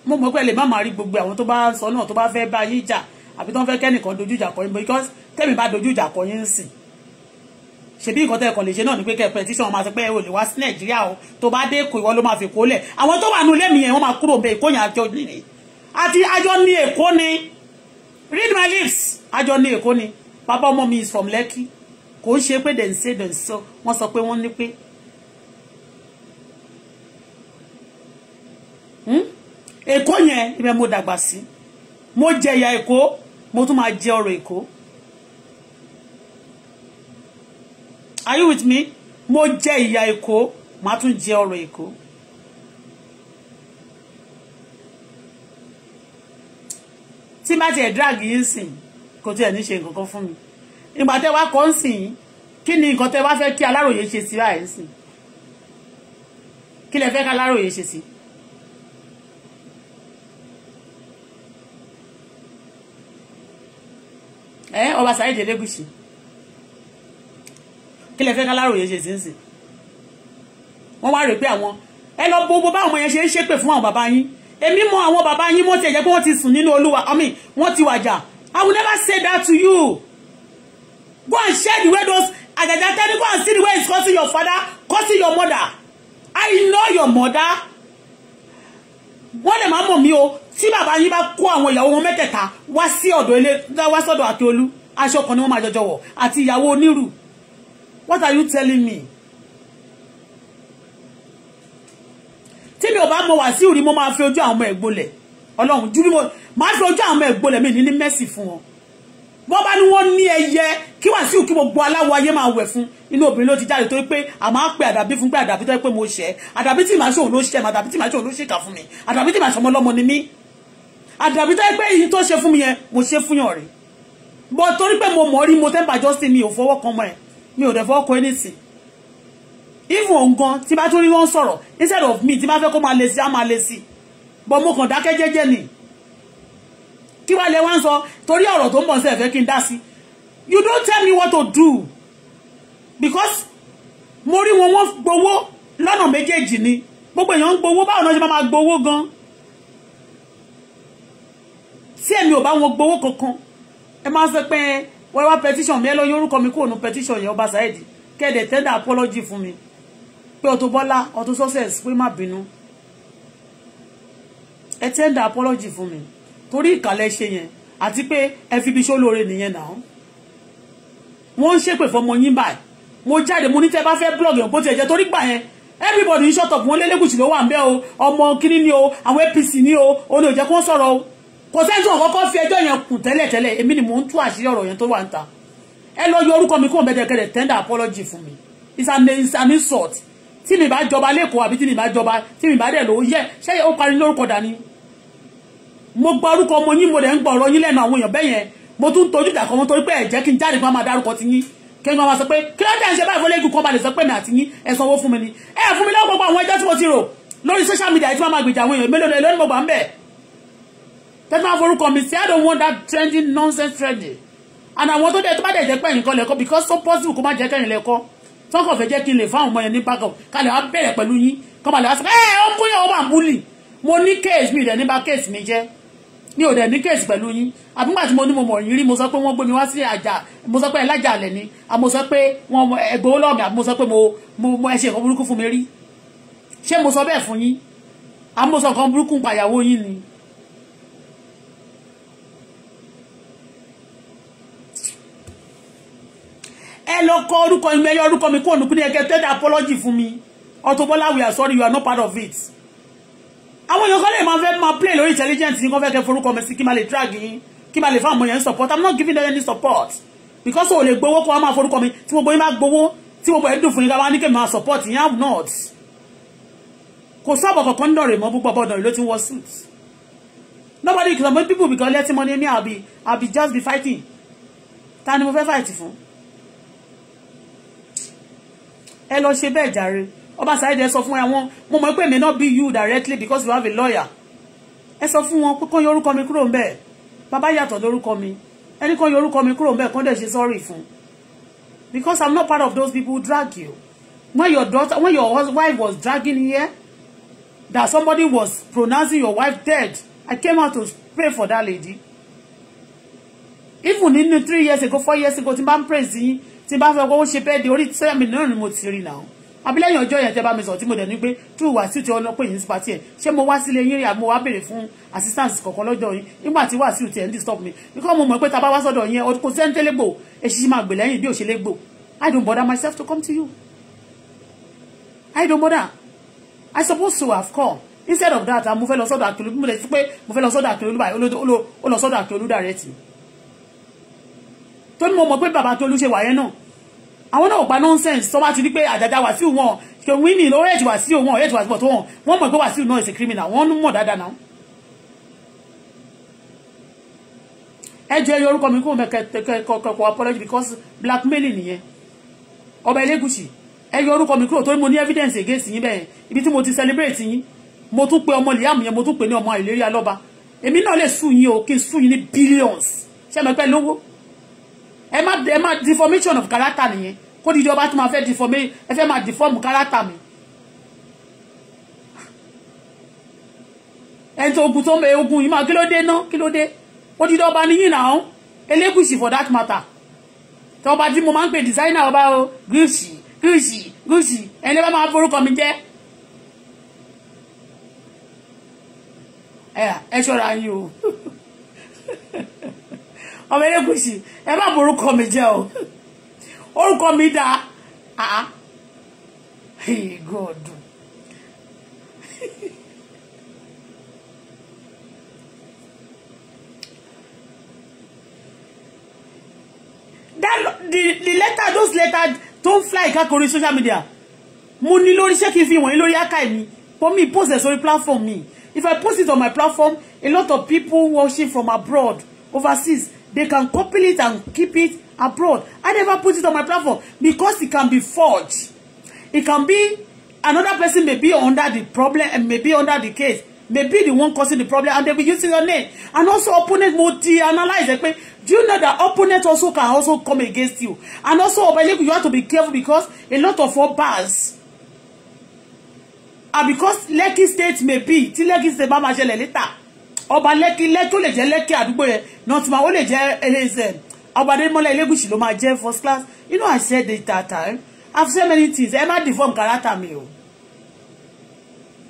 mo mọ̀ pé ẹ lè má máa rí gbogbo àwọn tó bá ń sọ náà tó bá fẹ́ bá yín jà àbí tó ń fẹ́ kẹ́nìkan dojú ìjà kọ yín because tẹ́mi bá dojú ìjà kọ yín sìn ṣebí nǹkan tẹ́ ẹ̀kọ́ lè ṣe náà ni pé kẹ́ pẹtíṣàn máa sọ pé ẹ ò lè wá sí nàìjíríà o tó bá dé èkó ìwọ ló máa fi kó lẹ̀ àwọn tó wà nù lẹ́mìí yẹn wọ́n máa kúrò bẹ́ẹ̀ èkó àjọ ní àti àjọ ní èkó ni read my lips àjọ ní èkó ni bàbá ọmọ mi is from Lekki kò ń ṣe pé say dem so wọ́n sọ pé wọ́n ní pé hmm? èkó yẹn ibẹ̀ mo dàgbà sí mo jẹ ìyà èkó mo tún máa jẹ ọ̀rọ̀ èkó are you with me mo jẹ ìyà èkó màá tún jẹ ọ̀rọ̀ èkó. tí má tiẹ̀ drag yín sìn kò tiẹ̀ ní ṣe nǹkan kan fún mi ìgbà tẹ wá kọ́ ń sìn kí ni nǹkan tẹ wá fẹ́ kí aláròye ṣe sí báyìí ń sìn kí lẹ fẹ́ ká aláròye ṣe sí. ẹ ọba Saheed Elégùṣì kí lẹ fẹ́ ká aláròye ṣe sí ń sìn wọ́n wá rè pé àwọn ẹ lọ gbogbo báwọn ọmọ yẹn ṣe ń ṣépè fún àwọn bàbá yín èmi mọ àwọn bàbá yín mo ti ẹ̀jẹ̀ pé wọ́n ti sùn nínú olúwa I mean wọ́n ti wàjà I will never say that to you go and share the way those àjàjà tẹ́ni go and see the way it's causing your father causing your mother I know your mother wọ́n lè má mọ̀ mí o tí bàbá yín bá kó àwọn ìyàwó wọn mẹ́tẹ̀ẹ̀ta wá sí ọ̀dọ̀ ilé wá sọ́dọ̀ àti olú aṣọ kan ni wọ́n máa jọjọ wọ̀ àti ìyàwó onírù what are you telling me? tí mi ò bá mọ Wàsíù rí mo máa fi ojú àwọn ọmọ ẹ̀gbọ́lẹ̀ ọlọ́run ju bí mo máa fi ojú àwọn ọmọ ẹ̀gbọ́lẹ̀ mi ní ní mẹ́sì fún wọn wọ́n bá ní wọ́n ní ẹyẹ kí Wàsíù kí gbogbo aláwọ̀ ayé máa wẹ̀ fún inú obìnrin ló ti jáde torí pé àmọ́ á pe àdàbí fún pé àdàbí tó yẹ pé mo ṣẹ́ àdàbí tí màá ṣòwò ló ṣẹ́ mi àdàbí tí màá ṣòwò ló ṣèkà fún mi àdàbí tí màá ṣọmọ lọ́mọ ni mí àdàbí tó yẹ pé èyí tó ṣe fún mi yẹn mo ṣe fún yàn rè bọ́ torí pé mo mọ̀ rí mo tẹ́ bàjọ́ sí mi ò fọwọ́ kan mọ́ ẹ mi ò dẹ̀ fọwọ́ kan ẹ́ nísìnyí if òun gan tí bá tún rí wọn instead of me tí bá fẹ́ kó máa lé sí á máa lé sí but mo kàn dákẹ́ jẹ́jẹ́ ni kí wàá lè wá ń sọ torí ọ̀rọ̀ tó ń bọ̀ sí ẹ̀fẹ́ kí you don't tell me what to do because mo rí wọn wọ́n gbowó lọ́nà méjèèjì ni gbogbo èèyàn ń gbowó báwo náà ṣe máa gbowó gan tí èmi ò bá wọn gbowó kankan ẹ máa sọ pé wọ́n petition mi ẹ lọ yọ orúkọ mi kúrò ní petition yẹn ọba Saheed kẹ́ẹ̀dẹ̀ tender apology fún mi pé Auto Bola Auto Success pé má bínú ẹ tẹ́ndà apology fún mi torí ìkàlẹ̀ ṣe yẹn àti pé ẹ fi ibi iṣẹ́ olóore nìyẹn náà wọ́n ń ṣépè fọmọ yín báyìí mo jáde mo ní tẹ́ bá fẹ́ blog yẹn bó ti ẹ̀jẹ̀ torí gbà yẹn everybody ń shut up wọn lélẹ́gùsì ló wà ń bẹ́ o ọmọ kínní ni o àwọn APC ni o ó ní ó jẹ́ kó sọ̀rọ̀ o kò sẹ́ni tí wọn kọ́kọ́ fi ẹjọ́ yẹn kùn tẹ́lẹ̀ tẹ́lẹ̀ èmi ni mò ń tú àṣírí ọ̀rọ̀ yẹn tó wà ń ta ẹ lọ yọ orúkọ mi kó bẹ́ẹ̀ kẹ́lẹ̀ tender apology fún mi it's an, it's an insult tí mi bá jọba lẹ́kọ̀ọ́ àbí tí mi bá jọba tí mi bá dẹ̀ lówó yẹ ṣé ó parí lórúkọ dání mo gba orúkọ ọmọ yín mo dẹ̀ ń gba ọ̀rọ̀ yín lẹ́nu àwọn èèyàn bẹ́ẹ̀ mo tún tọ́jú ìdàkọ́ mo torí pé ẹ̀ kí n jáde fún àmà dárúkọ ti yín kí n máa sọ pé kí ló dé ṣe báyìí fọlẹ́gùn kan balẹ̀ sọ pé mi àti yín ẹ sanwó fún mi ni ẹ fún mi lọ́wọ́ gbogbo àwọn ẹjọ́ tí mo ti rò lórí social media tí wọ́n máa gbèjà àwọn èèyàn mélòó i don't want that trending nonsense trending and àwọn tó dẹ̀ tó bá dẹ̀ jẹ́ pé ẹ̀yìn kan lẹ́kọ́ because so possible kó má jẹ́ kẹ́yìn lẹ́kọ́ fọ́nkàn fẹ́ jẹ́ kí n lè fáwọn ọmọ yẹn ní backup kálẹ̀ wá bẹ̀rẹ̀ pẹ̀lú yín kọ́ balẹ̀ wá sọ ẹ́ ó kún yẹn ó máa búlì mo ní kéèsì mi ìdẹ̀ ní bá kéèsì mi jẹ́ mi ò dẹ̀ ní kéèsì pẹ̀lú yín àbí nígbà tí mo ní mo mọ̀ yín rí mo sọ pé wọ́n gbé mi wá sí àjà mo sọ pé ẹlájà àlẹ̀ ni àbí mo sọ pé wọ́n ẹgbẹ́ owó lọ́ọ̀mì mo sọ pé mo mo ẹṣẹ̀ burúkú fún mi rí ṣé mo sọ bẹ́ẹ̀ fún yín àbí sọ kan burúkú pàyàwó yín ni ẹ lọ kọ orúkọ mi ẹyọ orúkọ mi kó ònú kúndé ẹgẹ tẹ́lẹ̀ apology fún mi Auto Bola we are sorry you are not part of it. àwọn èèyàn kan lè máa fẹ́ máa play lórí intelligence yín kó fẹ́ kẹ́ forúkọ mi sí kí máa lè drag yín kí máa lè fún àwọn èèyàn support i'm not giving them any support because o lè gbowó kó wa máa forúkọ mi tí gbogbo yín bá gbowó tí gbogbo ẹ̀ dùn fún yín ká wá ní kí máa support yín i'm not. kò sábà kankan dọ̀rẹ̀ mọ́ púpọ̀ bọ́ọ̀dọ̀ ló ti wọ suit nobody can make people because letting money me i be i be just be fighting ta ni mo fẹ́ fight fún ẹ lọ ṣe bẹ́ẹ̀ jàre ọba Saheed sọ fún àwọn mo mọ̀ pé may not be you directly because you have a lawyer ẹ sọ fún wọn pé kán yọ orúkọ mi kúrò ńbẹ̀ bàbá yàtọ̀ lórúkọ mi ẹni kán yọ orúkọ mi kúrò ńbẹ̀ kán dẹ̀ ṣe sorry fún because i'm not part of those people who drag you when your daughter when your wife was dragging here that somebody was pronouncing your wife dead i came out to pray for that lady even nínú three years ago four years ago tí n bá ń tí bá sọ pé ó ṣe bẹ́ẹ̀ di orí sẹ́mi náà ni mo ti rí náà abilẹ́yìn ọjọ́ yẹn tẹ́ bá mi sọ̀rọ̀ tí mo dẹ̀ ní pé true Wasiu tí ọlọ́pẹ́ yìí ń pàtí ṣé mo wá sílé yín rí àmọ́ wá béèrè fún assistance kọ̀ọ̀kan lọ́jọ́ yín nígbà tí Wasiu tí ẹ̀ ń disturb mi because mo mọ̀ pé tá a bá wá sọ́dọ̀ yẹn kò sẹ́ńtẹ́lẹ́gbò èṣìṣì máa gbè lẹ́yìn bí òṣèlégbò I don't bother myself to come to you I don't bother I suppose to have come instead of that mo fẹ́ lọ sọ́dọ̀ Akeolu bí mo dẹ̀ ti pé mo fẹ́ lọ sọ́dọ̀ Akeolu báyìí ó lọ sọ́dọ̀ Akeolu tó ní mo mọ̀ pé bàbá Tolú ṣe wàyẹn náà àwọn náà ò pa nonsense tó bá ti rí pé àjàjà Wàsíù wọn kò wí ní lórí ẹ̀jì Wàsíù wọn ọ̀rẹ́jì Wàsíù tó wọn wọ́n mọ̀ pé Wàsíù náà is a criminal wọ́n mọ̀ dáadáa náà. ẹ jẹ́ ẹyọ orúkọ mi kó mẹ́kẹ̀kẹ̀kọ̀ apology because blackmailing nìyẹn ọba Elégùṣì ẹ yọ orúkọ mi kúrò torí mo ní evidence against yín bẹ́ẹ̀ ibi tí mo ti celebrate yín mo tún pe ọmọ liam yẹn mo tún pe ní ọmọ ìlérí alọ́ba èmi náà lè sùn yín o kí n sùn yín ní billions ṣé ẹ mọ̀ pé lówó ẹ má ẹ má deformation of character nìyẹn kó dídí ọba tó máa fẹ́ deformé ẹ fẹ́ máa deform character mi. ẹni tó ogun tó ń bẹ ogun yìí máa kí ló dé ná kí ló dé ó dídí ọba níyìn náà Elégùṣì for that matter tí ọba tí mo máa ń pè designer ọba o Gúṣì Gúṣì Gúṣì ẹni bá máa forúkọ mi jẹ́. ẹ ṣọ́ra yín o ọmọ erékùsì ẹ má borúkọ mi jẹ́ o orúkọ mi dá ah hey god that the the letter those letter tó ń fly kákòrí social media mo ní lórí ṣé kí n fi wọ̀nyí lórí ákàì mi for me post it sórí platform Me, if i post it on my platform a lot of people watching from abroad overseas They can copy it and keep it abroad. I never put it on my platform because it can be forged. It can be another person may be under the problem and eh, may be under the case. Maybe be the one causing the problem and they'll be using your name. And also opponent multi analyze it. Do you know that opponent also can also come against you? And also, believe you have to be careful because a lot of uppers are because Lekki states may be, till Lekki State bá later ọba lẹ́kí lẹ́kí ó lè jẹ́ lẹ́kí àdúgbò rẹ̀ north man ó lè jẹ́ ẹlẹ́sẹ̀ ọba adémọ́lá elégùsì ló máa jẹ́ first class you know I said it that time I said many things ẹ má deform character mi o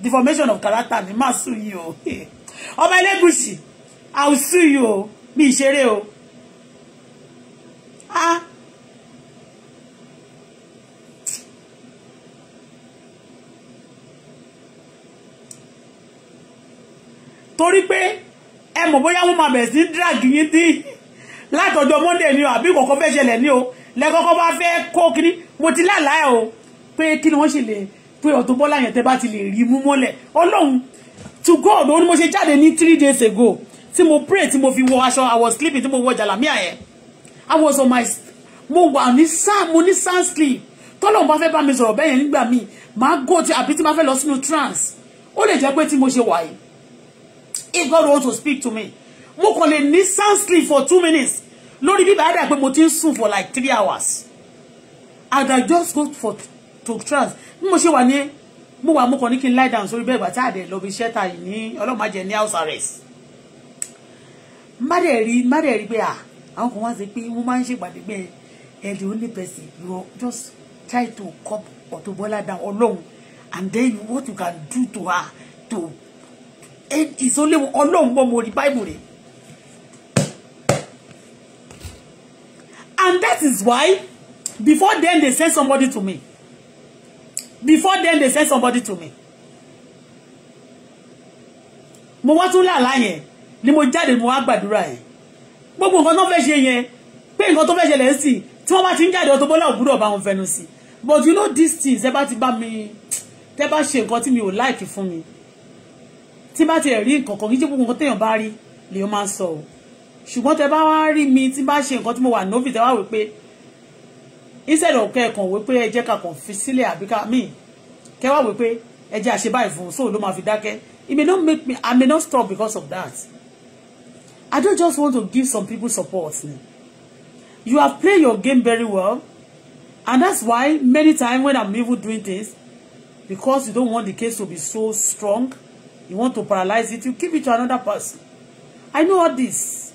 deformation of character mi má sùn yín o ọba elégùsì I will sue you o mi ìṣeré o ah torí pé ẹ mọ̀ bóyá wọ́n máa bẹ̀rẹ̀ sí drag yín dín látọjọ́ monday ni o àbí kọ̀ọ̀kan fẹ́ ṣẹlẹ̀ ni o lẹ́kọ̀ọ́kọ́ bá fẹ́ kó kiri mo ti láàláyà o pé kí ni wọ́n ṣe lè pé Auto Bola yẹn tẹ́ bá ti lè rí mú mọ́lẹ̀ ọlọ́run to God ó ní mo ṣe jáde ní three days ago tí mo pray tí mo fi wọ aṣọ I was sleeping tí mo wọ jàlámíà yẹn I was on my mo wà ní sáà mo ní sáà sleep tọ́lọ́run bá fẹ́ bá mi sọ̀rọ̀ bẹ́ẹ̀ yẹn nígbà míì màá gò tí àbí tí màá fẹ́ lọ sínú trance ó lè jẹ́ pé tí mo ṣe wà yìí if God wants to speak to me mo kàn lè ní sound sleep for two minutes lórí bíbá àdá pé mo ti ń sùn for like three hours and I just go for to trance bí mo ṣe wà ní mo wà mo kàn ní kí n lie down sórí bẹ́ẹ̀ bàtà àdẹ̀ lọ́bi iṣẹ́ ta yìí ní ọlọ́màjẹ ní house arrest mádẹ̀ rí mádẹ̀ rí pé à àwọn kan wá sí pé wọ́n máa ń ṣèpàdé pé ẹ̀ the only person you are just try to cup Auto Bola down alone and then what you can do to her to It is only ọlọ́run gbọ́ mo rí bible rẹ̀ and that is why before then they send somebody to me before then they send somebody to me mo wá tún làlá yẹn ni mo jáde mo wá gbàdúrà yẹn gbogbo nǹkan tó fẹ́ ṣe yẹn pé nǹkan tó fẹ́ ṣẹlẹ̀ ń sìn tí wọ́n bá ti ń jáde Auto Bola òbúrò bá wọn fẹnu sí but you know these things ẹ bá ti bá mi tẹ bá ṣe nǹkan tí mi ò like fún mi tí bá ti rí nǹkan kan kí jẹ́ gbogbo nǹkan téèyàn bá rí lèèyàn máa ń sọ o ṣùgbọ́n tẹ bá wá rí mi tí bá ṣe nǹkan tí mo wà novi tẹ wá wí pé instead of kẹ́ẹ̀kan wí pé ẹ jẹ́ ká kàn fi sílẹ̀ àbí ká mí kẹ́ wá wí pé ẹ jẹ́ àṣẹ báyìí fún un so ló máa fi dákẹ́ it may not make me I may not stop because of that I don't just want to give some people support you have played your game very well and that's why many times when I'm even doing things because you don't want the case to be so strong You want to paralyze it, you give it to another person. I know all this.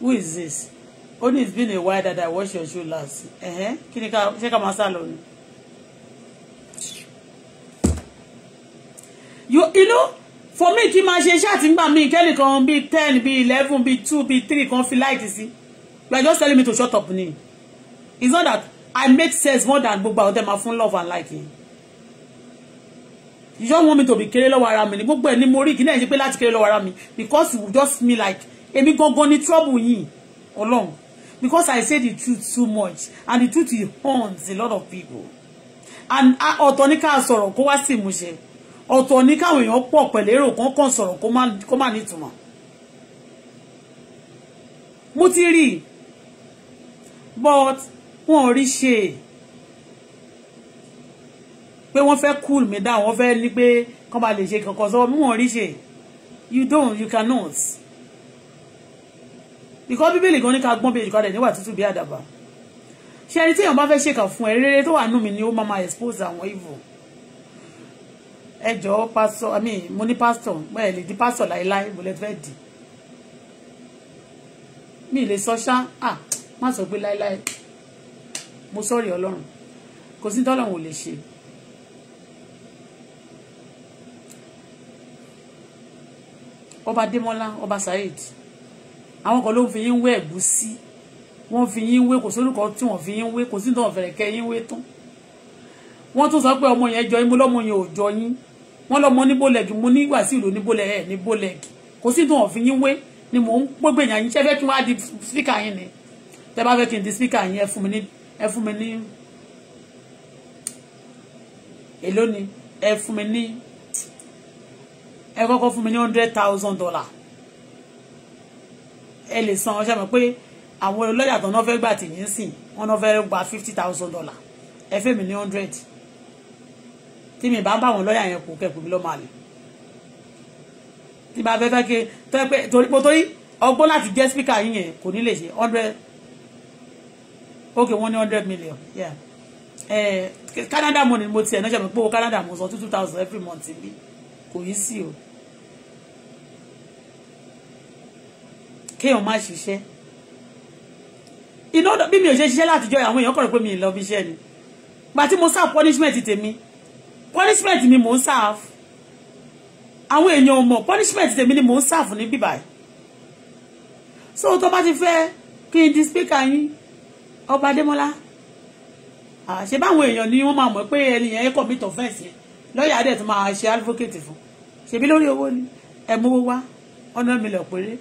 Who is this? Only it's been a while that I watched your show last. Uh-huh. Kí ni ká ṣe ká máa you, you know for me kí máa ṣe ṣáàtì ń gbà mí kẹ́nìkan bíi ten bíi eleven bíi two bíi three kan fi láìkì sí Like just telling me to shut up ni it's not that I make sense more than gbogbo Them tẹ́ fun, love and like yìí you just want me to be kéré lọ́wọ́ ara mi ni gbogbo ẹ̀ ni mo rí kí náà ṣe pé láti kéré lọ́wọ́ ara mi because you just me like èmi gangan ni trouble yìí ọlọ́run because I say the truth too much and the truth haunts a lot of people and ah, ọ̀tọ̀ ní ká sọ̀rọ̀ kó wá sí ìmúṣẹ ọ̀tọ̀ ní káwọn èèyàn pọ̀ pẹ̀lérò kan kàn sọ̀rọ̀ kó má nítumọ̀ mo ti rí but wọn ò rí ṣe pé wọ́n fẹ́ cool me down wọ́n fẹ́ ní pé kán bá lè ṣe kankan sọ wọn rí ṣe you don't you cannot because bíbélì gan ní ká gbọ́n bí èjìká rẹ̀ níwà tútù bí àdàbà ṣe ẹni tí èèyàn bá fẹ́ ṣèkà fún ẹ rere tó wà nù mí ni ó máa máa expose àwọn evil ẹ jọ̀ọ́ pásítọ̀ i mean mo ní pásítọ̀ mo lè di pásítọ̀ láéláé mo lè fẹ́ dì mi lè sọ ṣá à má sọ pé láéláé mo sọ̀rí ọlọ́run kò sí tọ́lọ́run ò lè ṣe. ọba Adémọ́lá ọba Saheed àwọn kan ló ń fi yín wé ẹ̀gúsí wọ́n fi yín wé kò sórúkọ tí wọ́n fi yín wé kò sí ìtàn ọ̀fẹ̀rẹ̀kẹ́ yín wé tán wọ́n tún sọ pé ọmọ yẹn jọ yín mo lọ́mọ yẹn ò jọ yín wọ́n lọ́mọ ní bólẹ̀gì mo ní wàsíù ní bólẹ̀ ẹ̀ ní bólẹ̀gì kò sí dùn ọ̀fìn yín wé ni mò ń gbógbè yàn yín ṣẹ́fẹ́ kí wọ́n á di spíkà yín ni tẹ́ bá fẹ́ kí n di spíkà yín ẹ fún mi ní ẹ fún mi ní èló ni ẹ fún mi ní ẹ kọ́kọ́ fún mi ní hundred thousand dollar ẹ lè san ọṣẹ́ mi pé àwọn lọ́yà tó náà fẹ́ gbà tì yín sìn wọ́n náà fẹ́ gba fifty thousand dollar ẹ fẹ́ mi ní hundred tí mi bá ń bá àwọn lọ́ọ̀yà yẹn kò kẹ́kọ̀ọ́ mi lọ́mọ àlè tí bá fẹ́fẹ́ ké tẹ́ pé torí pé torí ọgbọ́n láti jẹ́ spíkà yín yẹn kò ní lè ṣe hundred okay one hundred million yeah. eh, Canada money mo tiẹ̀ náà ṣe mi pé owó Canada mo sọ two thousand every month bí kò yí sí o kéèyàn má ṣiṣẹ́ iná bí mi ò ṣe ṣiṣẹ́ látijọ́ àwọn èèyàn kọ̀ rẹ̀ pé mi ì lọ bí iṣẹ́ ni gbà tí mo sá punishment tèmi punishment mi mò ń serve àwọn èèyàn ò mọ̀ punishment tèmi ni mò serve ní bíbá so tó bá ti fẹ́ kí n di speaker yín Ah, adémọlá àṣẹ báwọn èèyàn ni wọ́n máa mọ̀ pé ẹnìyàn ẹ commit offence yẹn lọ́ọ̀yà dẹ̀ tó máa ṣe advocate fún ṣèbí lórí owo ni ẹ mú owó wá ọ̀nà mi lọ péré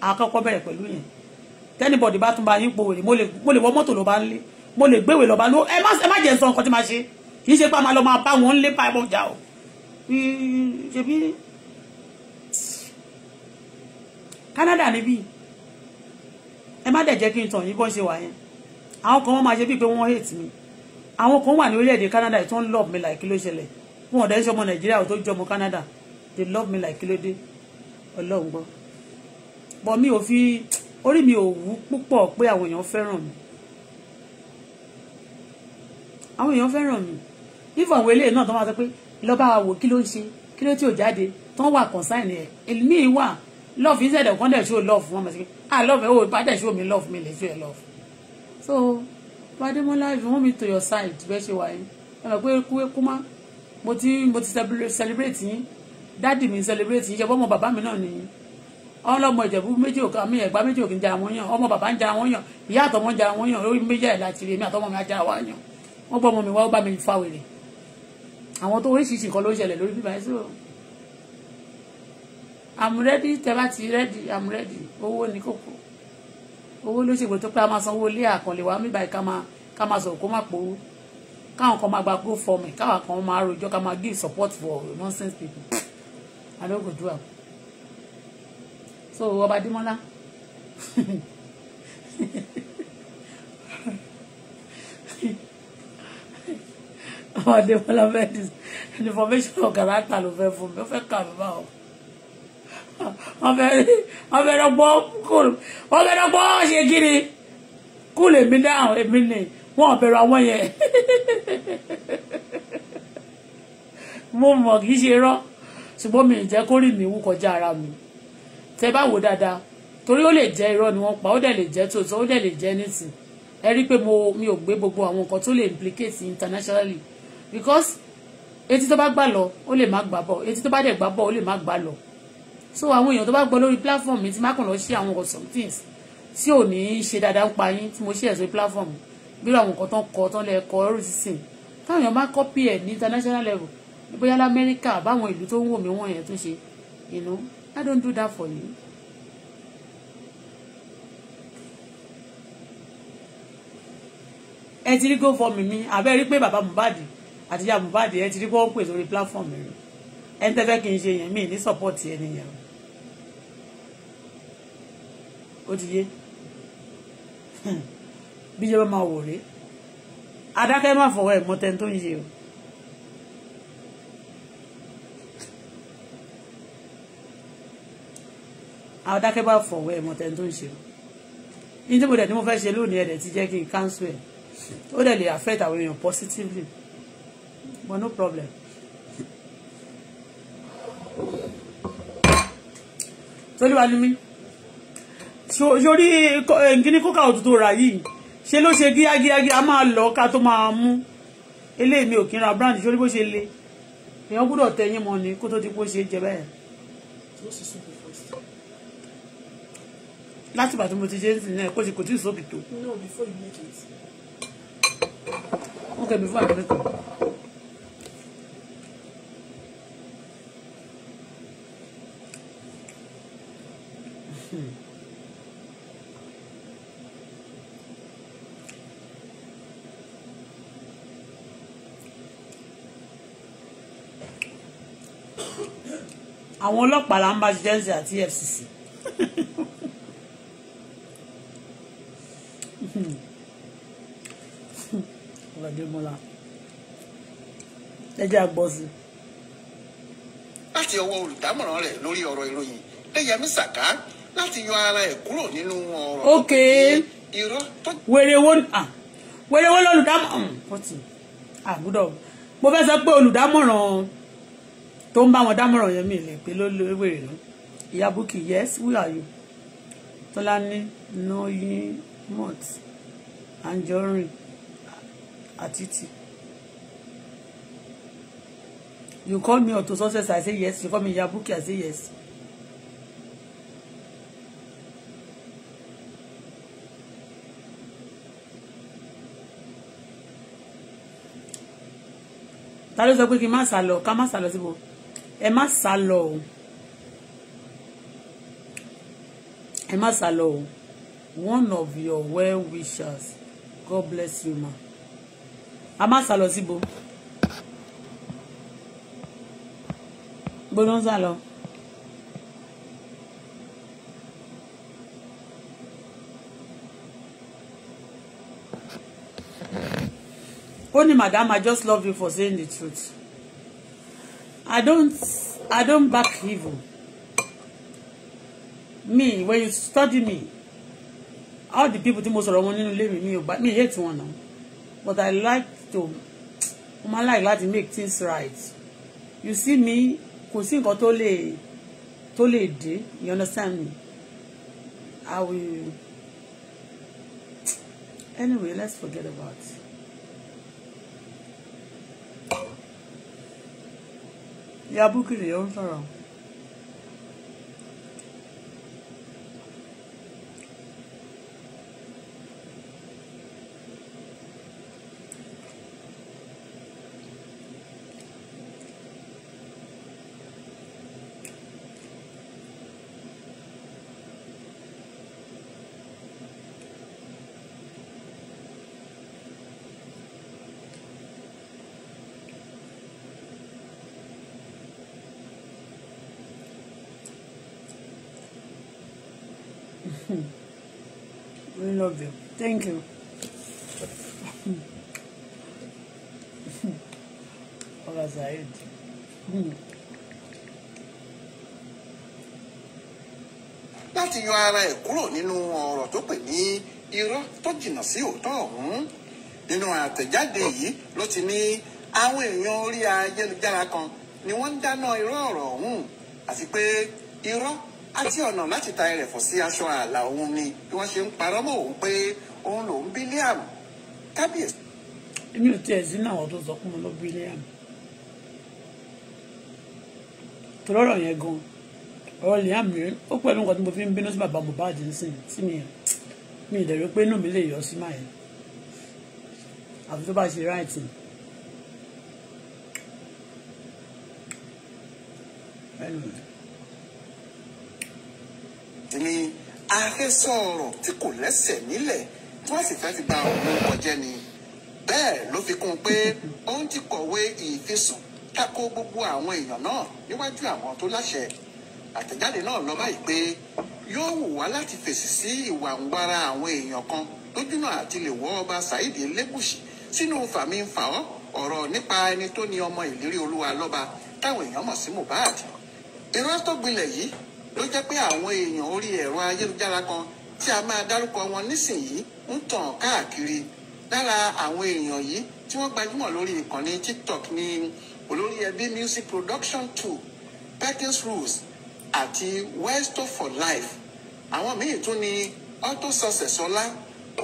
àkọ́kọ́ bẹ̀rẹ̀ pẹ̀lú yẹn tẹ́nibọ̀dì bá tún bá yín po wèrè mo lè wọ mọ́tò ló bá ń lé mo lè gbéwèé lọ́ba ló ẹ má jẹ́ sọ nǹkan tí ma ṣe kì í ṣe pa máa lọ máa bá wọn lé pa ẹmọ o hmm, ṣebí Canada níbí ẹ má dẹ̀ jẹ́ kí n tàn yín bọ́n ṣe wà yẹn àwọn kan wọ́n máa ṣe bíi pé wọ́n hate mi àwọn kan wà ní orílẹ̀-èdè Canada tó love me like kí ló ṣẹlẹ̀ wọn ọ̀dọ̀ ẹ̀ṣọ́ ọmọ Nàìjíríà tó jọ ọmọ Canada they love me like kí ló dé ọlọ́run gbọ́ bọ́ mi ò fi orí mi ò wú púpọ̀ pé àwọn èèyàn fẹ́ràn mi àwọn èèyàn fẹ́ràn mi if àwọn eléyìí náà tó máa sọ pé lọ́ba wa wò kí ló ń ṣe kí ló tí ò jáde tó ń wà concern ẹ̀ èmi wà love is ẹ̀dẹ̀ kan dẹ̀ ṣó love wọn mọ̀ sí ah love ẹ̀ wò bá dẹ̀ ṣó mi love mi lè ṣó ẹ̀ love. so Bademola if you want me to your side bẹ́ẹ̀ ṣe wà yín ẹ mọ̀ pé kúwé kú má mo ti mo ti celebrate yín dáàdì mi celebrate yín ṣe fọ́mọ bàbá mi náà nìyí ọlọmọ ìjẹ̀bú méjì òkà mi ẹ̀gbá méjì òkè ń ja àwọn yàn ọmọ bàbá ń ja àwọn yàn ìyá àtọmọ ń ja àwọn yàn lórí méjì ẹ̀ láti rí àtọmọ mi á àwọn yàn wọ́n gbọ́ mi wá ó bá mi fa àwọn tó oríṣiríṣi nǹkan ló ń ṣẹlẹ̀ lórí bíbá ẹ̀sọ́ I'm ready tẹ́ bá ti ready I'm ready owó ní kókó owó ló ṣègbè tó pé a máa sanwó ilé àkànlè wa mí báyìí ká máa ká máa sọ̀rọ̀ kó má pòwó káwọn kan máa gba go for me káwọn kan máa rojọ́ ká máa give support for nonsense people I no go do am so ọba Dímọ́lá ọmọdé wọn lọ fẹ́ information ọ̀gá láta ló fẹ́ fún mi ó fẹ́ kà mí báwọn wọ́n fẹ́ rọgbọ́ kúl wọ́n fẹ́ rọgbọ́ ṣe kiri kúl èmi dáhùn èmi nì wọ́n bẹ̀rù àwọn yẹn mo mọ̀ kì í ṣe rọ́ ṣùgbọ́n mi ì jẹ́ kó rìn mí wú kọjá ara mi tẹ́ bá wò dáadáa torí ó lè jẹ́ irọ́ ni wọ́n pa ó dẹ̀ lè jẹ́ tòótọ́ ó dẹ̀ lè jẹ́ nísìn ẹ rí i pé mi ò gbé gbogbo àwọn nǹkan tó lè implicate internationally because etí tó bá gbà lọ ó lè má gbà bọ̀ etí tó bá dẹ̀ gbà bọ̀ ó lè má gbà lọ so àwọn èèyàn tó bá gbọ́ lórí platform mi ti má kàn lọ ṣe àwọn some things tí ò ní í ṣe dáadáa ń pa yín tí mo ṣe ẹ̀sọ́ platform bí àwọn nǹkan tán kọ tán lẹ kọ ẹrù sísìn táwọn èèyàn má copy ẹ̀ ní international level bóyá lamẹ́ríkà báwọn ìlú tó ń wò mí wọ̀n yẹn tó ṣe you know I don't do that for you. ẹ ti rí go for mi mi àbẹ́ rí pé bàbá Mohbad àti ìyá Mohbad ẹ ti rí bọ́ pè lórí platform rẹ ẹni tẹ́fẹ́ kì í ṣe yẹn mí ní support ẹni yẹn ó ti yé bí ìjọba máa wò rèé adákẹ́ má fọwọ́ ẹ̀ mọ́tẹ́ tó ń ṣe o. àwọn dákẹ́ bá fọ̀wọ́ ẹ̀ mọ̀tẹ́ tó ń ṣe o ní tí mo dẹ̀ ní mo fẹ́ ṣe lónìí ẹ̀ dẹ̀ ti jẹ́ kí n cancel ẹ̀ ó dẹ̀ lè affect àwọn èèyàn positively but no problem. Tolúwalúmi sórí eh, kíní kókà òtútù rà yìí ṣe ló ṣe gíágíágí a máa lọ ká tó máa mú eléyìí mi ò kí n ra brand sórí bó ṣe le èèyàn gbúdọ̀ tẹ̀yìn mọ́ ni kó tó di bó ṣe jẹ bẹ́ẹ̀. láti ìgbà tí mo ti ṣe ń sìn náà kó ṣe kò tí ì sóbì tó. no before you make it. okay before I make it. àwọn ọlọ́pàá là ń bá ṣiṣẹ́ ṣe àti EFCC.
ọ̀gàdé mọ́lá ẹ jẹ́ àgbọ̀ sí. láti ọwọ́ olùdámọ̀ràn rẹ̀ lórí ọ̀rọ̀ ìròyìn lẹ́yẹmí sàká láti yan ara ẹ̀ kúrò nínú
ọ̀rọ̀. ok irọ́ tó. wèrè wo wèrè wo lọ́lùdámọ̀ràn hmm, pọ̀tì àbúdọ̀ mo fẹ́ sọ pé olùdámọ̀ràn tó ń bá wọn dámọ̀ràn yẹn mi lè pé ló lè wèrè lọ ìyá bukki yes who are you tọ́lání noyin mọ́t anjorin Atiti. you call me Auto Success I say yes you call me Iyabuki I say yes ta ló sọ pé kí n má sá lọ ká má sá lọ síbo ẹ má sá lọ o ẹ má sá lọ o one of your well wishers god bless you ma a má sá lọ síbo gbọ́dọ̀ sá lọ. Only madam i just love you for saying the truth i don't i don't back evil me when you study me all the people tí most sọ̀rọ̀ wọn nínú ilé mi mi ò bá mi hate one náà but i like to mo máa like to make things right you see me kò sí nǹkan tó you understand me i will anyway let's forget about it. E a boca de ouro, love you. Thank you. Ọba Saheed.
Láti yọ ara ẹ̀ kúrò nínú ọ̀rọ̀ tó pè ní irọ́ tó jìnnà sí òótọ́ ọ̀hún nínú àtẹ̀jáde yìí ló ti ní àwọn èèyàn orí ayélujára kan ni wọ́n ń dáná irọ́ ọ̀rọ̀ ọ̀hún àti pé irọ́ àti ọ̀nà láti ta ẹrẹ̀fọ̀ sí aṣọ ààlà òun ni bí wọ́n ṣe ń parọ́ mọ́ òun pé òun lòún bílíàmù kábíyèsí. èmi ò tiẹ̀ sí náà àwọn tó sọ fún mi lọ bílíàmù
tọ́lọ́rọ̀ yẹn gan ọ̀rọ̀ Liam rẹ̀ ó pẹ̀lú nǹkan tí mo fi ń bínú sí bàbá Mohbad nísìn sí mi yẹn mi ìdẹ̀rù pé inú mi lè yọ sí máa yẹn àfi tó bá ṣe ráìtì.
Anyway ni èmi ahẹ́sọ ọ̀rọ̀ tí kò lẹ́sẹ̀ nílẹ̀ tí wọ́n sì fẹ́ fi ba òun kọjẹ́ ni bẹ́ẹ̀ ló fi kún un pé òun ti kọ̀wé ìfisùn tako gbogbo àwọn èèyàn náà níwájú àwọn tó láṣẹ àtẹ̀jáde náà lọ báyìí pé yóò wù wá láti fèsì sí ìwà ń wára àwọn èèyàn kan lójúnà àti lè wọ́ ọba Saheed Elégùṣì sínú fàmí ń fà ọ́ ọ̀rọ̀ nípa ẹni tó ní ọmọ ìlérí olúwa lọ́ba táwọn èèyàn mọ̀ sí Mohbad irọ́ tó gbilẹ̀ yìí ló jẹ́ pé àwọn èèyàn orí ẹ̀rọ ayélujára kan tí a máa dárúkọ wọn nísìnyìí ń tàn káàkiri lára àwọn èèyàn yìí tí wọ́n gbajúmọ̀ lórí ìkànnì tiktok ní olórí ẹbí music production two perkins rules àti westo for life àwọn míì tún ni auto success ọlá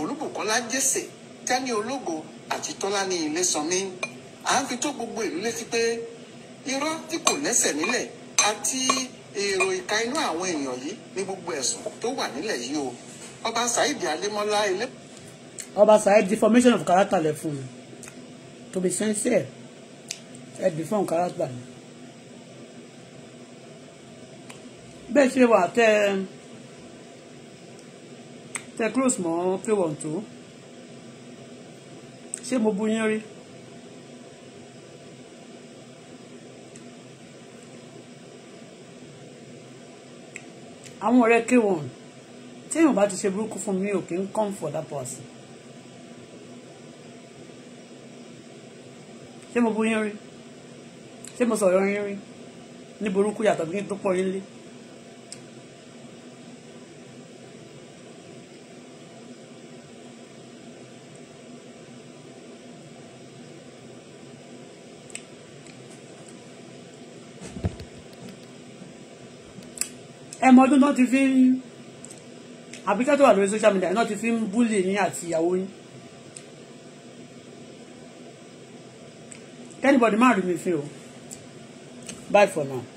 olúbùkọ́lá jésè tẹ́ni ológo àti tọ́lá ní ilé sanmi à ń fi tó gbogbo ìlú létí pé irọ́ tí kò lẹ́sẹ̀ nílẹ̀ àti èrò ìka inú àwọn èèyàn yìí ní gbogbo ẹ̀sùn tó wà nílẹ̀ yìí o ọba Saheed Ademola ilé.
ọba Saheed deformation of character lè fún un to be sincere ẹ deform character ni bẹ́ẹ̀ ṣe wà tẹ tẹ close mọ́ pay one two ṣé mo bu yín rí. àwọn ọ̀rẹ́ k1 tí èèyàn bá ti ṣe burúkú fún mi ò kì í come for that person ṣé mo bú yín rí ṣé mo sọ̀rọ̀ yín rí ní burúkú yàtọ̀ bí kí n tó pọ̀ yín lé. ẹ mọ ọdún náà ti fi ń àbíkẹ́ tó wà lórí social media náà ti fi ń búlì yín àti ìyàwó yín kẹ́nìbọ̀dì má rí mi fi o bye for now.